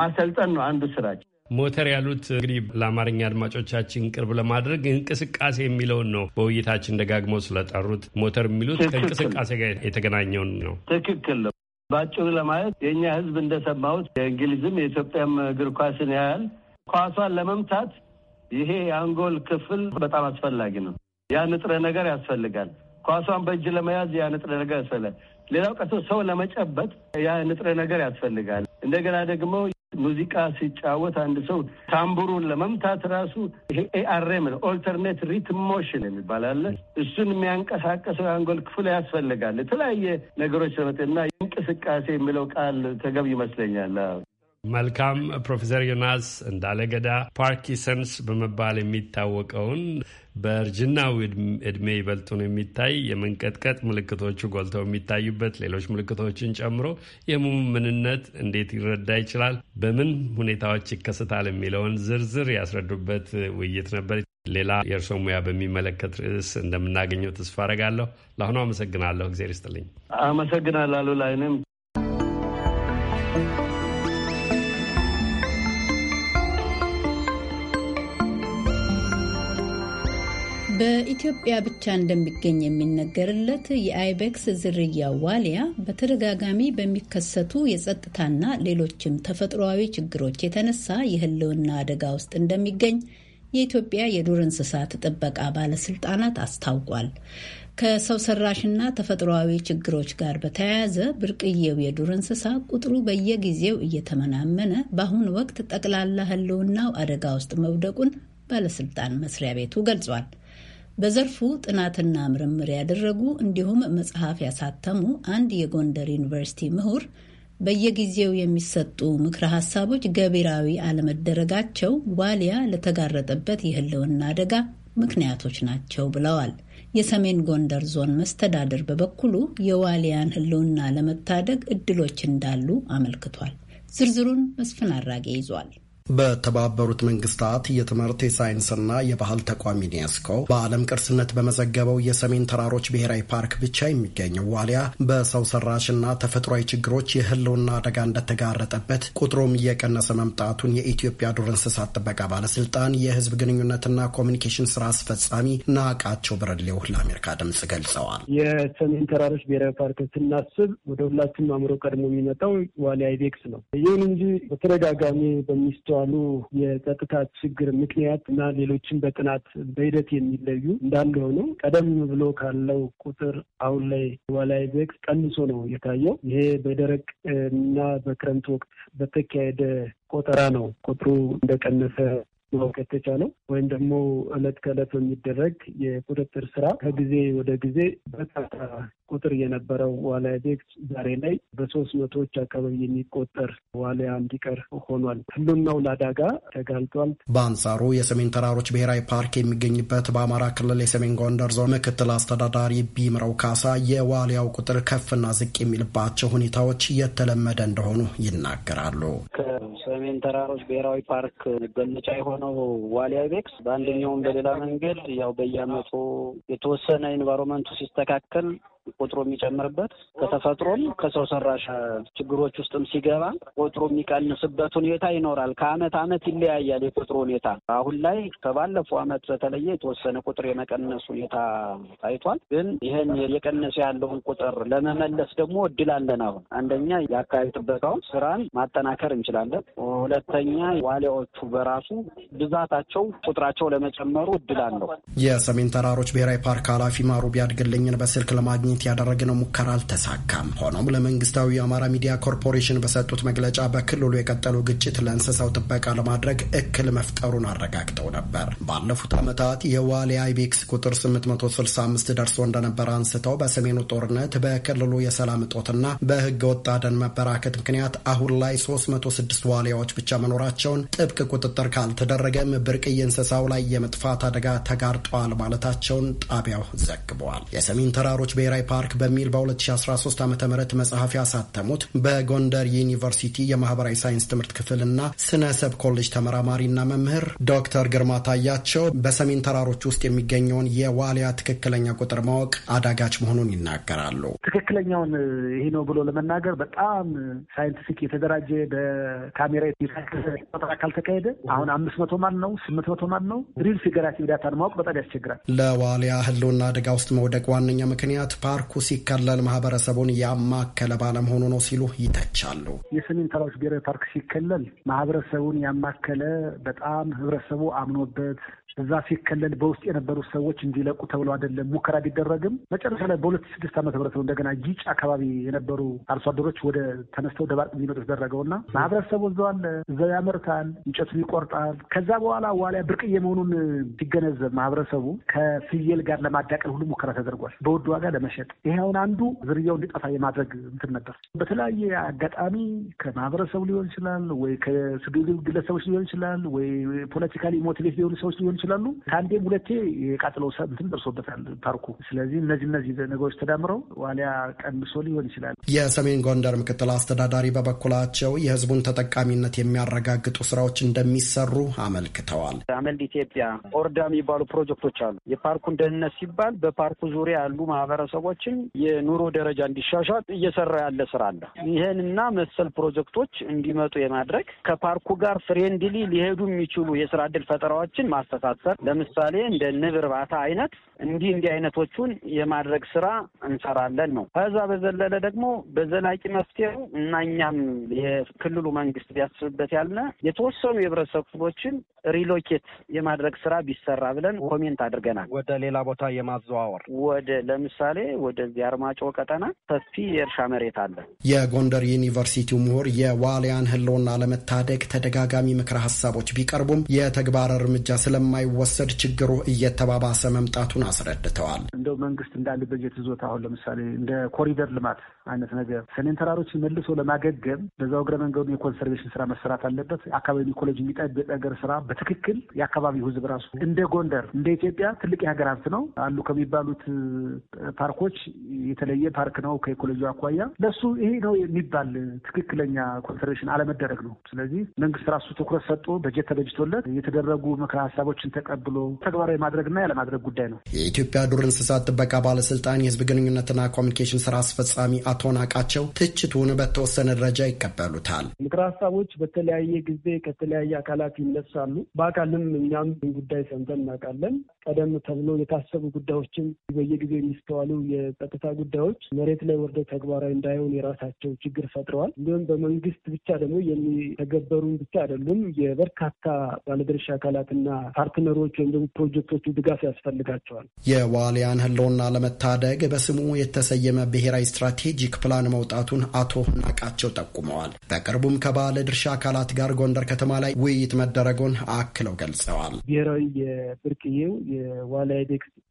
ማሰልጠን ነው አንዱ ስራችን። ሞተር ያሉት እንግዲህ ለአማርኛ አድማጮቻችን ቅርብ ለማድረግ እንቅስቃሴ የሚለውን ነው። በውይይታችን ደጋግመው ስለጠሩት ሞተር የሚሉት ከእንቅስቃሴ ጋር የተገናኘውን ነው። ትክክል ነው። በአጭሩ ለማለት የእኛ ሕዝብ እንደሰማሁት የእንግሊዝም የኢትዮጵያም እግር ኳስን ያህል ኳሷን ለመምታት ይሄ የአንጎል ክፍል በጣም አስፈላጊ ነው። ያ ንጥረ ነገር ያስፈልጋል። ኳሷን በእጅ ለመያዝ ያ ንጥረ ነገር ያስፈልጋል። ሌላው ቀርቶ ሰው ለመጨበጥ ያ ንጥረ ነገር ያስፈልጋል። እንደገና ደግሞ ሙዚቃ ሲጫወት አንድ ሰው ታምቡሩን ለመምታት ራሱ ይሄ ኤአርኤም ኦልተርኔት ሪትም ሞሽን የሚባል አለ። እሱን የሚያንቀሳቀሰው የአንጎል ክፍል ያስፈልጋል። የተለያየ ነገሮች ሰበትና እንቅስቃሴ የሚለው ቃል ተገቢ ይመስለኛል። መልካም ፕሮፌሰር ዮናስ እንዳለገዳ ገዳ ፓርኪንሰንስ በመባል የሚታወቀውን በእርጅና እድሜ ይበልጡን የሚታይ የመንቀጥቀጥ ምልክቶቹ ጎልተው የሚታዩበት ሌሎች ምልክቶችን ጨምሮ የህመሙ ምንነት እንዴት ይረዳ ይችላል፣ በምን ሁኔታዎች ይከሰታል የሚለውን ዝርዝር ያስረዱበት ውይይት ነበር። ሌላ የእርሶ ሙያ በሚመለከት ርዕስ እንደምናገኘው ተስፋ አረጋለሁ። ለአሁኑ አመሰግናለሁ። እግዜር ይስጥልኝ። አመሰግናለሁ። ላይንም በኢትዮጵያ ብቻ እንደሚገኝ የሚነገርለት የአይቤክስ ዝርያ ዋሊያ በተደጋጋሚ በሚከሰቱ የጸጥታና ሌሎችም ተፈጥሯዊ ችግሮች የተነሳ የሕልውና አደጋ ውስጥ እንደሚገኝ የኢትዮጵያ የዱር እንስሳት ጥበቃ ባለስልጣናት አስታውቋል። ከሰው ሰራሽና ተፈጥሯዊ ችግሮች ጋር በተያያዘ ብርቅዬው የዱር እንስሳ ቁጥሩ በየጊዜው እየተመናመነ በአሁኑ ወቅት ጠቅላላ ሕልውናው አደጋ ውስጥ መውደቁን ባለስልጣን መስሪያ ቤቱ ገልጿል። በዘርፉ ጥናትና ምርምር ያደረጉ እንዲሁም መጽሐፍ ያሳተሙ አንድ የጎንደር ዩኒቨርሲቲ ምሁር በየጊዜው የሚሰጡ ምክረ ሀሳቦች ገቢራዊ አለመደረጋቸው ዋሊያ ለተጋረጠበት የህልውና አደጋ ምክንያቶች ናቸው ብለዋል። የሰሜን ጎንደር ዞን መስተዳድር በበኩሉ የዋሊያን ህልውና ለመታደግ እድሎች እንዳሉ አመልክቷል። ዝርዝሩን መስፍን አራጌ ይዟል። በተባበሩት መንግስታት የትምህርት የሳይንስና የባህል ተቋም ዩኔስኮ በዓለም ቅርስነት በመዘገበው የሰሜን ተራሮች ብሔራዊ ፓርክ ብቻ የሚገኘው ዋሊያ በሰው ሰራሽና ተፈጥሯዊ ችግሮች የህልውና አደጋ እንደተጋረጠበት ቁጥሩም እየቀነሰ መምጣቱን የኢትዮጵያ ዱር እንስሳት ጥበቃ ባለስልጣን የህዝብ ግንኙነትና ኮሚኒኬሽን ስራ አስፈጻሚ ናቃቸው ብረሌው ለአሜሪካ ድምጽ ገልጸዋል። የሰሜን ተራሮች ብሔራዊ ፓርክ ስናስብ ወደ ሁላችንም አእምሮ ቀድሞ የሚመጣው ዋሊያ አይቤክስ ነው። ይሁን እንጂ በተደጋጋሚ በሚስቷ በተቻሉ የጸጥታ ችግር ምክንያት እና ሌሎችን በጥናት በሂደት የሚለዩ እንዳለ ሆኖ ቀደም ብሎ ካለው ቁጥር አሁን ላይ ዋላይ ቤክስ ቀንሶ ነው የታየው። ይሄ በደረቅ እና በክረምት ወቅት በተካሄደ ቆጠራ ነው ቁጥሩ እንደቀነሰ ማስማም ከተቻለው ወይም ደግሞ እለት ከእለት በሚደረግ የቁጥጥር ስራ ከጊዜ ወደ ጊዜ በርካታ ቁጥር የነበረው ዋሊያ ቤክስ ዛሬ ላይ በሶስት መቶዎች አካባቢ የሚቆጠር ዋሊያ እንዲቀር ሆኗል። ህልውናው ለአደጋ ተጋልጧል። በአንጻሩ የሰሜን ተራሮች ብሔራዊ ፓርክ የሚገኝበት በአማራ ክልል የሰሜን ጎንደር ዞን ምክትል አስተዳዳሪ ቢምረው ካሳ የዋልያው ቁጥር ከፍና ዝቅ የሚልባቸው ሁኔታዎች የተለመደ እንደሆኑ ይናገራሉ። ከሰሜን ተራሮች ብሔራዊ ፓርክ መገለጫ የሆነው ነው ዋሊያ ቤክስ በአንደኛውም በሌላ መንገድ ያው በየአመቱ የተወሰነ ኢንቫይሮመንቱ ሲስተካከል ቁጥሩ የሚጨምርበት ከተፈጥሮም ከሰው ሰራሽ ችግሮች ውስጥም ሲገባ ቁጥሩ የሚቀንስበት ሁኔታ ይኖራል። ከአመት አመት ይለያያል የቁጥሩ ሁኔታ። አሁን ላይ ከባለፈው አመት በተለየ የተወሰነ ቁጥር የመቀነስ ሁኔታ ታይቷል። ግን ይህን የቀነሰ ያለውን ቁጥር ለመመለስ ደግሞ እድል አለን። አሁን አንደኛ የአካባቢ ጥበቃውን ስራን ማጠናከር እንችላለን። ሁለተኛ ዋሊያዎቹ በራሱ ብዛታቸው ቁጥራቸው ለመጨመሩ እድል አለው። የሰሜን ተራሮች ብሔራዊ ፓርክ ኃላፊ ማሩቢያ አድግልኝን በስልክ ለማግኘት ያደረግነው ሙከራ አልተሳካም። ሆኖም ለመንግስታዊ የአማራ ሚዲያ ኮርፖሬሽን በሰጡት መግለጫ በክልሉ የቀጠሉ ግጭት ለእንስሳው ጥበቃ ለማድረግ እክል መፍጠሩን አረጋግጠው ነበር። ባለፉት ዓመታት የዋሊያ አይቤክስ ቁጥር 865 ደርሶ እንደነበረ አንስተው በሰሜኑ ጦርነት በክልሉ የሰላም እጦትና በህገ ወጥ አደን መበራከት ምክንያት አሁን ላይ 306 ዋሊያዎች ብቻ መኖራቸውን ጥብቅ ቁጥጥር ካልተደ በተደረገም ብርቅዬ እንስሳው ላይ የመጥፋት አደጋ ተጋርጧል ማለታቸውን ጣቢያው ዘግበዋል። የሰሜን ተራሮች ብሔራዊ ፓርክ በሚል በ2013 ዓ ም መጽሐፍ ያሳተሙት በጎንደር ዩኒቨርሲቲ የማህበራዊ ሳይንስ ትምህርት ክፍልና ስነ ሰብ ኮሌጅ ተመራማሪና መምህር ዶክተር ግርማ ታያቸው በሰሜን ተራሮች ውስጥ የሚገኘውን የዋሊያ ትክክለኛ ቁጥር ማወቅ አዳጋች መሆኑን ይናገራሉ። ትክክለኛውን ይህ ነው ብሎ ለመናገር በጣም ሳይንቲፊክ የተደራጀ በካሜራ ቁጥር ተካሄደ አሁን አምስት መቶ ማን ነው? ስምንት መቶ ማን ነው? ሪል ፊገራቲቭ ዳታን ማወቅ በጣም ያስቸግራል። ለዋሊያ ህልውና አደጋ ውስጥ መውደቅ ዋነኛ ምክንያት ፓርኩ ሲከለል ማህበረሰቡን ያማከለ ባለመሆኑ ነው ሲሉ ይተቻሉ። የሰሜን ተራሮች ብሔራዊ ፓርክ ሲከለል ማህበረሰቡን ያማከለ በጣም ህብረተሰቡ አምኖበት እዛ ሲከለል በውስጥ የነበሩ ሰዎች እንዲለቁ ተብሎ አይደለም ሙከራ ቢደረግም መጨረሻ ላይ በሁለት ስድስት ዓመተ ምህረት ነው እንደገና ጊጭ አካባቢ የነበሩ አርሶ አደሮች ወደ ተነስተው ደባርቅ እንዲመጡ ተደረገው እና ማህበረሰቡ እዛዋል እዛው ያመርታል፣ እንጨቱን ይቆርጣል። ከዛ በኋላ ዋሊያ ብርቅዬ መሆኑን ሲገነዘብ ማህበረሰቡ ከፍየል ጋር ለማዳቀል ሁሉ ሙከራ ተደርጓል፣ በውድ ዋጋ ለመሸጥ። ይሄ አሁን አንዱ ዝርያው እንዲጠፋ የማድረግ እንትን ነበር። በተለያየ አጋጣሚ ከማህበረሰቡ ሊሆን ይችላል ወይ ከግለሰቦች ሊሆን ይችላል ወይ ፖለቲካሊ ሞቲቬት ሊሆኑ ሰዎች ሊሆን ሊሆን ይችላሉ። ከአንዴም ሁለቴ የቃጥለው እንትን ደርሶበታል ፓርኩ። ስለዚህ እነዚህ እነዚህ ነገሮች ተዳምረው ዋሊያ ቀንሶ ሊሆን ይችላል። የሰሜን ጎንደር ምክትል አስተዳዳሪ በበኩላቸው የህዝቡን ተጠቃሚነት የሚያረጋግጡ ስራዎች እንደሚሰሩ አመልክተዋል። አመልድ ኢትዮጵያ ኦርዳ የሚባሉ ፕሮጀክቶች አሉ። የፓርኩን ደህንነት ሲባል በፓርኩ ዙሪያ ያሉ ማህበረሰቦችን የኑሮ ደረጃ እንዲሻሻል እየሰራ ያለ ስራ አለ። ይህንና መሰል ፕሮጀክቶች እንዲመጡ የማድረግ ከፓርኩ ጋር ፍሬንድሊ ሊሄዱ የሚችሉ የስራ እድል ፈጠራዎችን ማስተታ ለማሳሰር ለምሳሌ እንደ ንብ እርባታ አይነት እንዲህ እንዲህ አይነቶቹን የማድረግ ስራ እንሰራለን ነው። ከዛ በዘለለ ደግሞ በዘላቂ መፍትሄው እና እኛም የክልሉ መንግስት ቢያስብበት ያልነ የተወሰኑ የህብረተሰብ ክፍሎችን ሪሎኬት የማድረግ ስራ ቢሰራ ብለን ኮሜንት አድርገናል። ወደ ሌላ ቦታ የማዘዋወር ወደ ለምሳሌ ወደዚህ አርማጮ ቀጠና ሰፊ የእርሻ መሬት አለ። የጎንደር ዩኒቨርሲቲው ምሁር የዋልያን ህልውና ለመታደግ ተደጋጋሚ ምክረ ሀሳቦች ቢቀርቡም የተግባር እርምጃ ስለማ የማይወሰድ ችግሩ እየተባባሰ መምጣቱን አስረድተዋል። እንደው መንግስት እንዳለ በጀት አሁን ለምሳሌ እንደ ኮሪደር ልማት አይነት ነገር ሰሜን ተራሮችን መልሶ ለማገገም በዛው እግረ መንገዱ የኮንሰርቬሽን ስራ መሰራት አለበት። አካባቢ ኢኮሎጂ የሚጠብቅ ነገር ስራ በትክክል የአካባቢው ህዝብ ራሱ እንደ ጎንደር እንደ ኢትዮጵያ ትልቅ የሀገር ሀብት ነው አሉ ከሚባሉት ፓርኮች የተለየ ፓርክ ነው ከኢኮሎጂ አኳያ ለሱ ይሄ ነው የሚባል ትክክለኛ ኮንሰርቬሽን አለመደረግ ነው። ስለዚህ መንግስት ራሱ ትኩረት ሰጥቶ በጀት ተበጅቶለት የተደረጉ ምክረ ሀሳቦችን ተቀብሎ ተግባራዊ ማድረግና ያለማድረግ ጉዳይ ነው። የኢትዮጵያ ዱር እንስሳት ጥበቃ ባለስልጣን የህዝብ ግንኙነትና ኮሚኒኬሽን ስራ አስፈጻሚ አቶ ናቃቸው ትችቱን በተወሰነ ደረጃ ይቀበሉታል። ምክረ ሀሳቦች በተለያየ ጊዜ ከተለያየ አካላት ይነሳሉ። በአካልም እኛም ጉዳይ ሰምተን እናውቃለን። ቀደም ተብሎ የታሰቡ ጉዳዮችን በየጊዜው የሚስተዋሉ የጸጥታ ጉዳዮች መሬት ላይ ወርደ ተግባራዊ እንዳይሆን የራሳቸው ችግር ፈጥረዋል። እንዲሁም በመንግስት ብቻ ደግሞ የሚተገበሩን ብቻ አይደሉም። የበርካታ ባለድርሻ አካላትና ፓርትነሮች ወይም ደግሞ ፕሮጀክቶቹ ድጋፍ ያስፈልጋቸዋል። የዋልያን ህልውና ለመታደግ በስሙ የተሰየመ ብሔራዊ ስትራቴጂ ስትራቴጂክ ፕላን መውጣቱን አቶ ናቃቸው ጠቁመዋል። በቅርቡም ከባለ ድርሻ አካላት ጋር ጎንደር ከተማ ላይ ውይይት መደረጉን አክለው ገልጸዋል። ብሔራዊ የብርቅዬው የዋልያ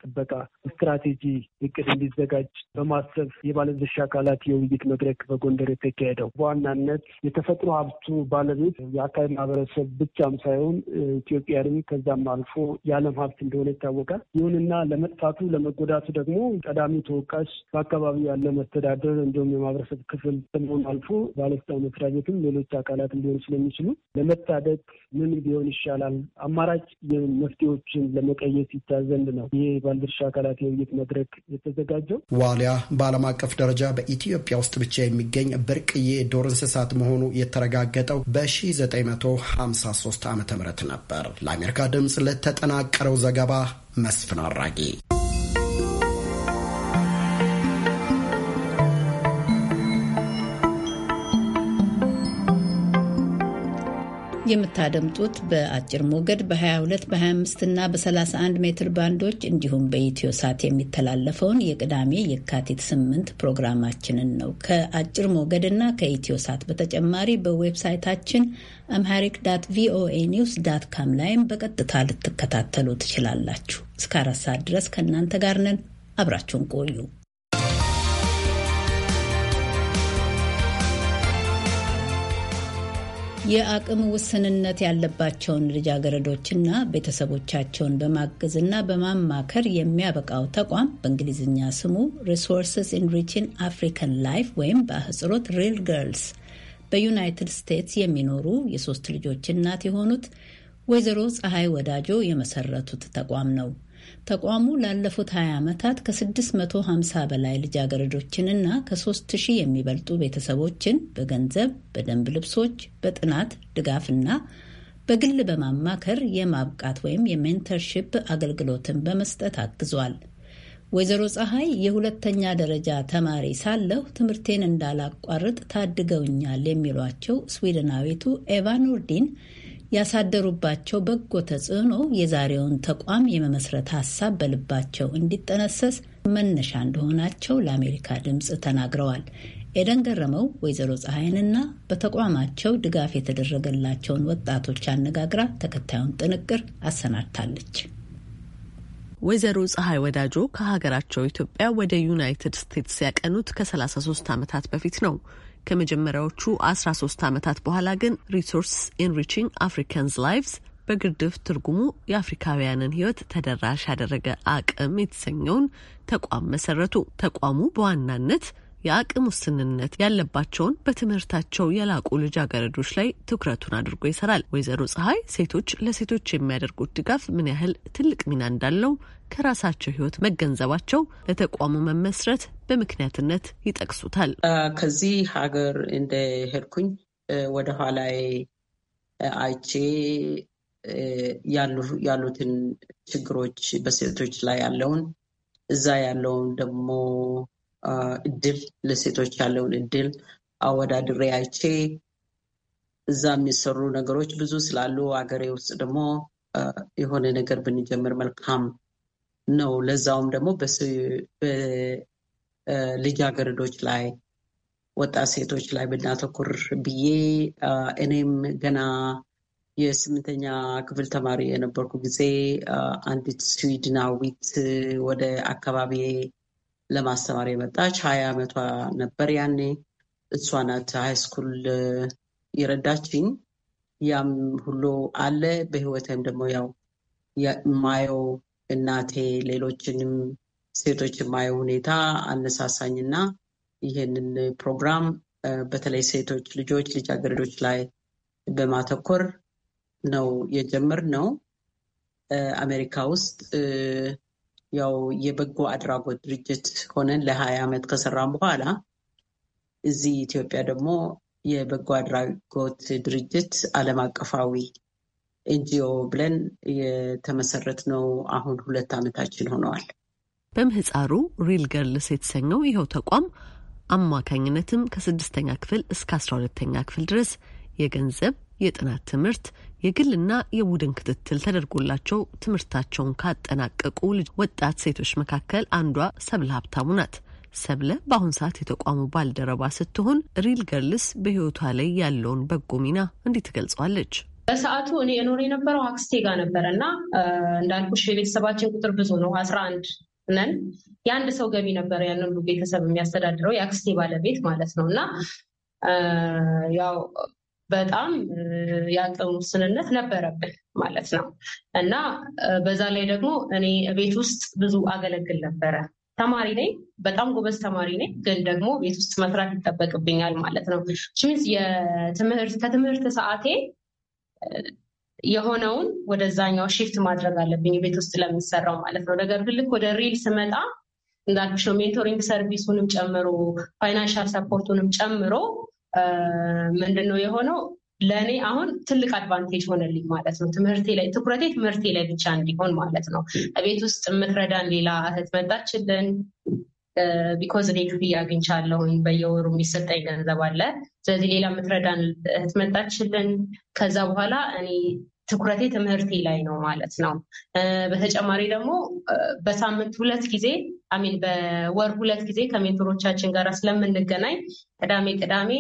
ጥበቃ ስትራቴጂ እቅድ እንዲዘጋጅ በማሰብ የባለድርሻ አካላት የውይይት መድረክ በጎንደር የተካሄደው በዋናነት የተፈጥሮ ሀብቱ ባለቤት የአካባቢ ማህበረሰብ ብቻም ሳይሆን ኢትዮጵያንም ከዛም አልፎ የዓለም ሀብት እንደሆነ ይታወቃል። ይሁንና ለመጥፋቱ ለመጎዳቱ ደግሞ ቀዳሚ ተወቃሽ በአካባቢው ያለ መስተዳደር እንዲሁም የማህበረሰብ ክፍል ከመሆን አልፎ ባለስልጣን መስሪያ ቤትም ሌሎች አካላትም ሊሆኑ ስለሚችሉ ለመታደግ ምን ቢሆን ይሻላል አማራጭ መፍትሄዎችን ለመቀየስ ይታዘንድ ነው ይህ ባለድርሻ አካላት የውይይት መድረክ የተዘጋጀው። ዋሊያ በዓለም አቀፍ ደረጃ በኢትዮጵያ ውስጥ ብቻ የሚገኝ ብርቅዬ ዱር እንስሳት መሆኑ የተረጋገጠው በ1953 ዓ ም ነበር። ለአሜሪካ ድምፅ ለተጠናቀረው ዘገባ መስፍን አራጌ የምታደምጡት በአጭር ሞገድ በ22 በ25 እና በ31 ሜትር ባንዶች እንዲሁም በኢትዮ ሳት የሚተላለፈውን የቅዳሜ የካቲት 8 ፕሮግራማችንን ነው። ከአጭር ሞገድ እና ከኢትዮ ሳት በተጨማሪ በዌብሳይታችን አምሃሪክ ዳት ቪኦኤ ኒውስ ዳት ካም ላይም በቀጥታ ልትከታተሉ ትችላላችሁ። እስከ አራት ሰዓት ድረስ ከእናንተ ጋር ነን። አብራችሁን ቆዩ። የአቅም ውስንነት ያለባቸውን ልጃገረዶችና ቤተሰቦቻቸውን በማገዝና በማማከር የሚያበቃው ተቋም በእንግሊዝኛ ስሙ ሪሶርስስ ኢንሪችን አፍሪካን ላይፍ ወይም በአህጽሮት ሪል ገርልስ በዩናይትድ ስቴትስ የሚኖሩ የሶስት ልጆች እናት የሆኑት ወይዘሮ ፀሐይ ወዳጆ የመሰረቱት ተቋም ነው። ተቋሙ ላለፉት 20 ዓመታት ከ650 በላይ ልጃገረዶችንና ከ3000 የሚበልጡ ቤተሰቦችን በገንዘብ፣ በደንብ ልብሶች፣ በጥናት ድጋፍና በግል በማማከር የማብቃት ወይም የሜንተርሺፕ አገልግሎትን በመስጠት አግዟል። ወይዘሮ ፀሐይ የሁለተኛ ደረጃ ተማሪ ሳለሁ ትምህርቴን እንዳላቋርጥ ታድገውኛል የሚሏቸው ስዊድናዊቱ ኤቫ ያሳደሩባቸው በጎ ተጽዕኖ የዛሬውን ተቋም የመመስረት ሀሳብ በልባቸው እንዲጠነሰስ መነሻ እንደሆናቸው ለአሜሪካ ድምፅ ተናግረዋል። ኤደን ገረመው ወይዘሮ ፀሐይንና በተቋማቸው ድጋፍ የተደረገላቸውን ወጣቶች አነጋግራ ተከታዩን ጥንቅር አሰናድታለች። ወይዘሮ ፀሐይ ወዳጆ ከሀገራቸው ኢትዮጵያ ወደ ዩናይትድ ስቴትስ ያቀኑት ከ33 ዓመታት በፊት ነው። ከመጀመሪያዎቹ 13 ዓመታት በኋላ ግን ሪሶርስ ኢንሪችንግ አፍሪካንስ ላይቭስ በግርድፍ ትርጉሙ የአፍሪካውያንን ሕይወት ተደራሽ ያደረገ አቅም የተሰኘውን ተቋም መሰረቱ። ተቋሙ በዋናነት የአቅም ውስንነት ያለባቸውን በትምህርታቸው የላቁ ልጃገረዶች ላይ ትኩረቱን አድርጎ ይሰራል። ወይዘሮ ፀሐይ ሴቶች ለሴቶች የሚያደርጉት ድጋፍ ምን ያህል ትልቅ ሚና እንዳለው ከራሳቸው ህይወት መገንዘባቸው ለተቋሙ መመስረት በምክንያትነት ይጠቅሱታል። ከዚህ ሀገር እንደሄድኩኝ ወደ ኋላዬ አይቼ ያሉትን ችግሮች በሴቶች ላይ ያለውን እዛ ያለውን ደግሞ እድል ለሴቶች ያለውን እድል አወዳድሬ አይቼ እዛ የሚሰሩ ነገሮች ብዙ ስላሉ አገሬ ውስጥ ደግሞ የሆነ ነገር ብንጀምር መልካም ነው። ለዛውም ደግሞ በልጃገረዶች ላይ ወጣት ሴቶች ላይ ብናተኩር ብዬ እኔም ገና የስምንተኛ ክፍል ተማሪ የነበርኩ ጊዜ አንዲት ስዊድናዊት ወደ አካባቢ ለማስተማር የመጣች ሀያ ዓመቷ ነበር ያኔ። እሷ ናት ሃይስኩል የረዳችኝ። ያም ሁሉ አለ። በህይወትም ደግሞ ያው የማየው እናቴ ሌሎችንም ሴቶች የማየው ሁኔታ አነሳሳኝና ይህንን ፕሮግራም በተለይ ሴቶች ልጆች፣ ልጃገረዶች ላይ በማተኮር ነው ነው አሜሪካ ውስጥ ያው የበጎ አድራጎት ድርጅት ሆነን ለሀያ ዓመት ከሰራን በኋላ እዚህ ኢትዮጵያ ደግሞ የበጎ አድራጎት ድርጅት ዓለም አቀፋዊ ኤንጂኦ ብለን ነው አሁን ሁለት ዓመታችን ሆነዋል። በምህፃሩ ሪል ገርልስ የተሰኘው ይኸው ተቋም አማካኝነትም ከስድስተኛ ክፍል እስከ አስራ ሁለተኛ ክፍል ድረስ የገንዘብ የጥናት ትምህርት የግልና የቡድን ክትትል ተደርጎላቸው ትምህርታቸውን ካጠናቀቁ ወጣት ሴቶች መካከል አንዷ ሰብለ ሀብታሙ ናት። ሰብለ በአሁን ሰዓት የተቋሙ ባልደረባ ስትሆን ሪል ገርልስ በህይወቷ ላይ ያለውን በጎ ሚና እንዲህ ትገልጸዋለች። በሰዓቱ እኔ እኖር የነበረው አክስቴ ጋር ነበረ እና እንዳልኩሽ የቤተሰባችን ቁጥር ብዙ ነው፣ አስራ አንድ ነን። የአንድ ሰው ገቢ ነበረ ያን ሁሉ ቤተሰብ የሚያስተዳድረው የአክስቴ ባለቤት ማለት ነው እና ያው በጣም የአቅም ውስንነት ነበረብን ማለት ነው እና በዛ ላይ ደግሞ እኔ ቤት ውስጥ ብዙ አገለግል ነበረ። ተማሪ ነኝ፣ በጣም ጎበዝ ተማሪ ነኝ። ግን ደግሞ ቤት ውስጥ መስራት ይጠበቅብኛል ማለት ነው። ሚንስ ከትምህርት ሰዓቴ የሆነውን ወደዛኛው ሺፍት ማድረግ አለብኝ ቤት ውስጥ ለሚሰራው ማለት ነው። ነገር ግን ልክ ወደ ሪል ስመጣ እንዳልኩሽ ነው ሜንቶሪንግ ሰርቪሱንም ጨምሮ ፋይናንሻል ሰፖርቱንም ጨምሮ ምንድን ነው የሆነው ለእኔ አሁን ትልቅ አድቫንቴጅ ሆነልኝ ማለት ነው። ትምህርቴ ላይ ትኩረቴ ትምህርቴ ላይ ብቻ እንዲሆን ማለት ነው። ቤት ውስጥ የምትረዳን ሌላ እህት መጣችልን። ቢኮዝ እኔ ክፍያ አግኝቻለሁኝ በየወሩ የሚሰጠኝ ገንዘብ አለ። ስለዚህ ሌላ የምትረዳን እህት መጣችልን። ከዛ በኋላ እኔ ትኩረቴ ትምህርቴ ላይ ነው ማለት ነው። በተጨማሪ ደግሞ በሳምንት ሁለት ጊዜ አሚን በወር ሁለት ጊዜ ከሜንቶሮቻችን ጋር ስለምንገናኝ ቅዳሜ ቅዳሜ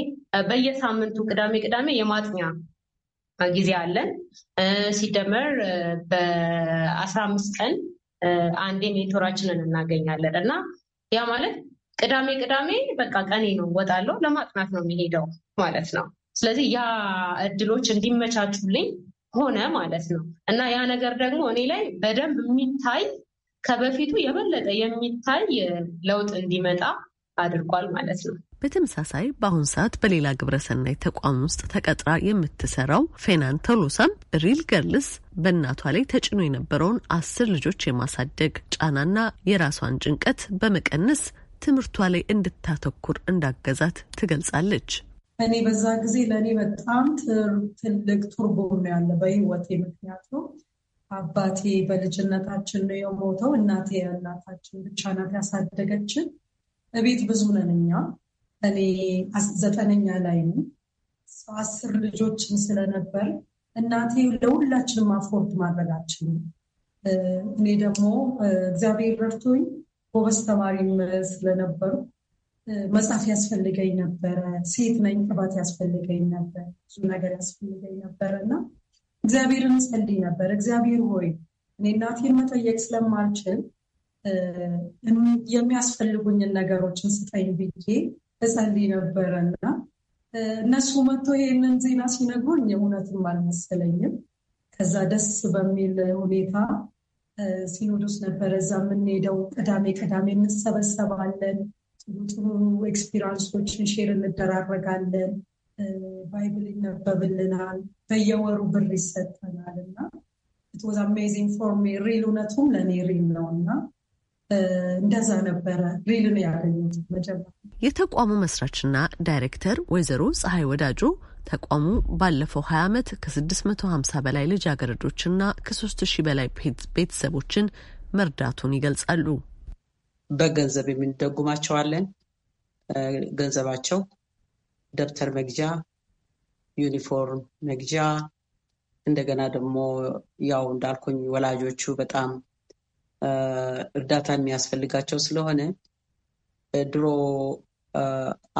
በየሳምንቱ ቅዳሜ ቅዳሜ የማጥኛ ጊዜ አለን። ሲደመር በአስራ አምስት ቀን አንዴ ሜንቶራችንን እናገኛለን እና ያ ማለት ቅዳሜ ቅዳሜ በቃ ቀኔ ነው ወጣለሁ ለማጥናት ነው የሚሄደው ማለት ነው። ስለዚህ ያ እድሎች እንዲመቻቹልኝ ሆነ ማለት ነው እና ያ ነገር ደግሞ እኔ ላይ በደንብ የሚታይ ከበፊቱ የበለጠ የሚታይ ለውጥ እንዲመጣ አድርጓል ማለት ነው። በተመሳሳይ በአሁን ሰዓት በሌላ ግብረሰናይ ተቋም ውስጥ ተቀጥራ የምትሰራው ፌናን ቶሎሳም ሪል ገርልስ በእናቷ ላይ ተጭኖ የነበረውን አስር ልጆች የማሳደግ ጫናና የራሷን ጭንቀት በመቀነስ ትምህርቷ ላይ እንድታተኩር እንዳገዛት ትገልጻለች። እኔ በዛ ጊዜ ለእኔ በጣም ትልቅ ቱርቦ ነው ያለ በህይወቴ። ምክንያቱም አባቴ በልጅነታችን ነው የሞተው። እናቴ እናታችን ብቻ ናት ያሳደገችን። እቤት ብዙ ነን እኛ። እኔ ዘጠነኛ ላይ ነው አስር ልጆችን ስለነበር እናቴ ለሁላችንም አፎርድ ማድረጋችን እኔ ደግሞ እግዚአብሔር ረድቶኝ ጎበዝ ተማሪም ስለነበሩ መጽሐፍ ያስፈልገኝ ነበረ። ሴት ነኝ፣ ቅባት ያስፈልገኝ ነበር፣ ብዙ ነገር ያስፈልገኝ ነበረ እና እግዚአብሔርን እጸልይ ነበር። እግዚአብሔር ሆይ እኔ እናቴን መጠየቅ ስለማልችል የሚያስፈልጉኝን ነገሮችን ስጠኝ ብዬ እጸልይ ነበረ እና እነሱ መጥቶ ይህንን ዜና ሲነግሩኝ እውነትም አልመሰለኝም። ከዛ ደስ በሚል ሁኔታ ሲኖዶስ ነበረ እዛ የምንሄደው ቅዳሜ ቅዳሜ እንሰበሰባለን ጥሩ ኤክስፒሪንሶችን ሼር እንደራረጋለን። ባይብል ይነበብልናል። በየወሩ ብር ይሰጠናል እና ኢትዋዝ አሜዚንግ ፎር ሚ ሪል እውነቱም ለእኔ ሪል ነው እና እንደዛ ነበረ ሪል ነው ያገኙት። መጀመሪያ የተቋሙ መስራችና ዳይሬክተር ወይዘሮ ፀሐይ ወዳጆ ተቋሙ ባለፈው 20 ዓመት ከ650 በላይ ልጃገረዶችና ከ3000 በላይ ቤተሰቦችን መርዳቱን ይገልጻሉ። በገንዘብ የምንደጉማቸዋለን። ገንዘባቸው ደብተር መግዣ፣ ዩኒፎርም መግዣ እንደገና ደግሞ ያው እንዳልኩኝ ወላጆቹ በጣም እርዳታ የሚያስፈልጋቸው ስለሆነ ድሮ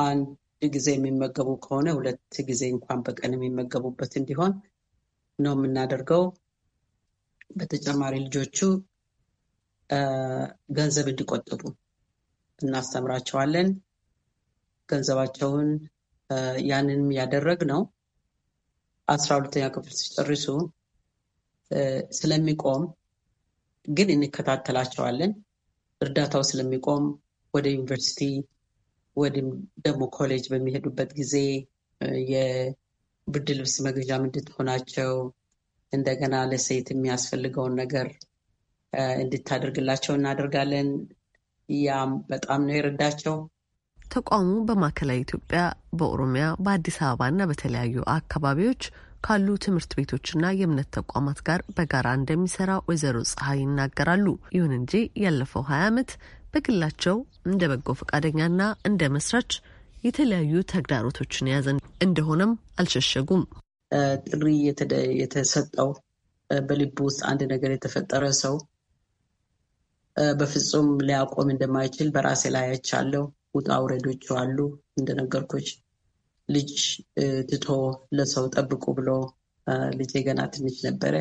አንድ ጊዜ የሚመገቡ ከሆነ ሁለት ጊዜ እንኳን በቀን የሚመገቡበት እንዲሆን ነው የምናደርገው። በተጨማሪ ልጆቹ ገንዘብ እንዲቆጥቡ እናስተምራቸዋለን። ገንዘባቸውን ያንንም ያደረግ ነው። አስራ ሁለተኛ ክፍል ሲጨርሱ ስለሚቆም ግን እንከታተላቸዋለን። እርዳታው ስለሚቆም ወደ ዩኒቨርሲቲ ወይም ደግሞ ኮሌጅ በሚሄዱበት ጊዜ የብርድ ልብስ መግዣ ምንድን ሆናቸው እንደገና ለሴት የሚያስፈልገውን ነገር እንድታደርግላቸው እናደርጋለን። ያም በጣም ነው የረዳቸው። ተቋሙ በማዕከላዊ ኢትዮጵያ፣ በኦሮሚያ፣ በአዲስ አበባ እና በተለያዩ አካባቢዎች ካሉ ትምህርት ቤቶችና የእምነት ተቋማት ጋር በጋራ እንደሚሰራ ወይዘሮ ፀሐይ ይናገራሉ። ይሁን እንጂ ያለፈው ሀያ ዓመት በግላቸው እንደ በጎ ፈቃደኛና እንደ መስራች የተለያዩ ተግዳሮቶችን የያዘ እንደሆነም አልሸሸጉም። ጥሪ የተሰጠው በልብ ውስጥ አንድ ነገር የተፈጠረ ሰው በፍጹም ሊያቆም እንደማይችል በራሴ ላይ አይቻለሁ። ውጣ ውረዶች አሉ። እንደነገርኩች ልጅ ትቶ ለሰው ጠብቁ ብሎ ልጄ ገና ትንሽ ነበረ፣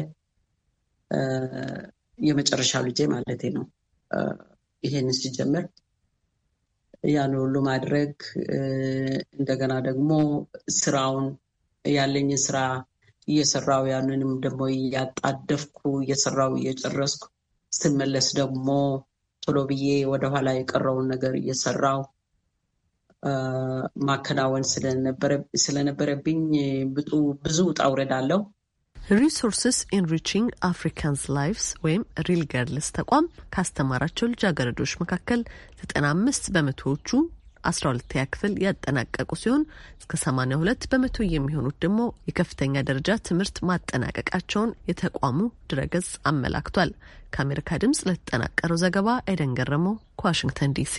የመጨረሻው ልጄ ማለቴ ነው። ይሄን ሲጀምር ያን ሁሉ ማድረግ እንደገና ደግሞ ስራውን ያለኝን ስራ እየሰራው ያንንም ደግሞ እያጣደፍኩ እየሰራው እየጨረስኩ ስትመለስ ደግሞ ቶሎ ብዬ ወደኋላ የቀረውን ነገር እየሰራው ማከናወን ስለነበረብኝ ብዙ ውጣ ውረድ አለው። ሪሶርስስ ኢንሪቺንግ አፍሪካንስ ላይፍስ ወይም ሪል ገርልስ ተቋም ካስተማራቸው ልጃገረዶች መካከል 95 በመቶዎቹ 12ኛ ክፍል ያጠናቀቁ ሲሆን እስከ 82 በመቶ የሚሆኑት ደግሞ የከፍተኛ ደረጃ ትምህርት ማጠናቀቃቸውን የተቋሙ ድረገጽ አመላክቷል። ከአሜሪካ ድምጽ ለተጠናቀረው ዘገባ አይደን ገረመው ከዋሽንግተን ዲሲ።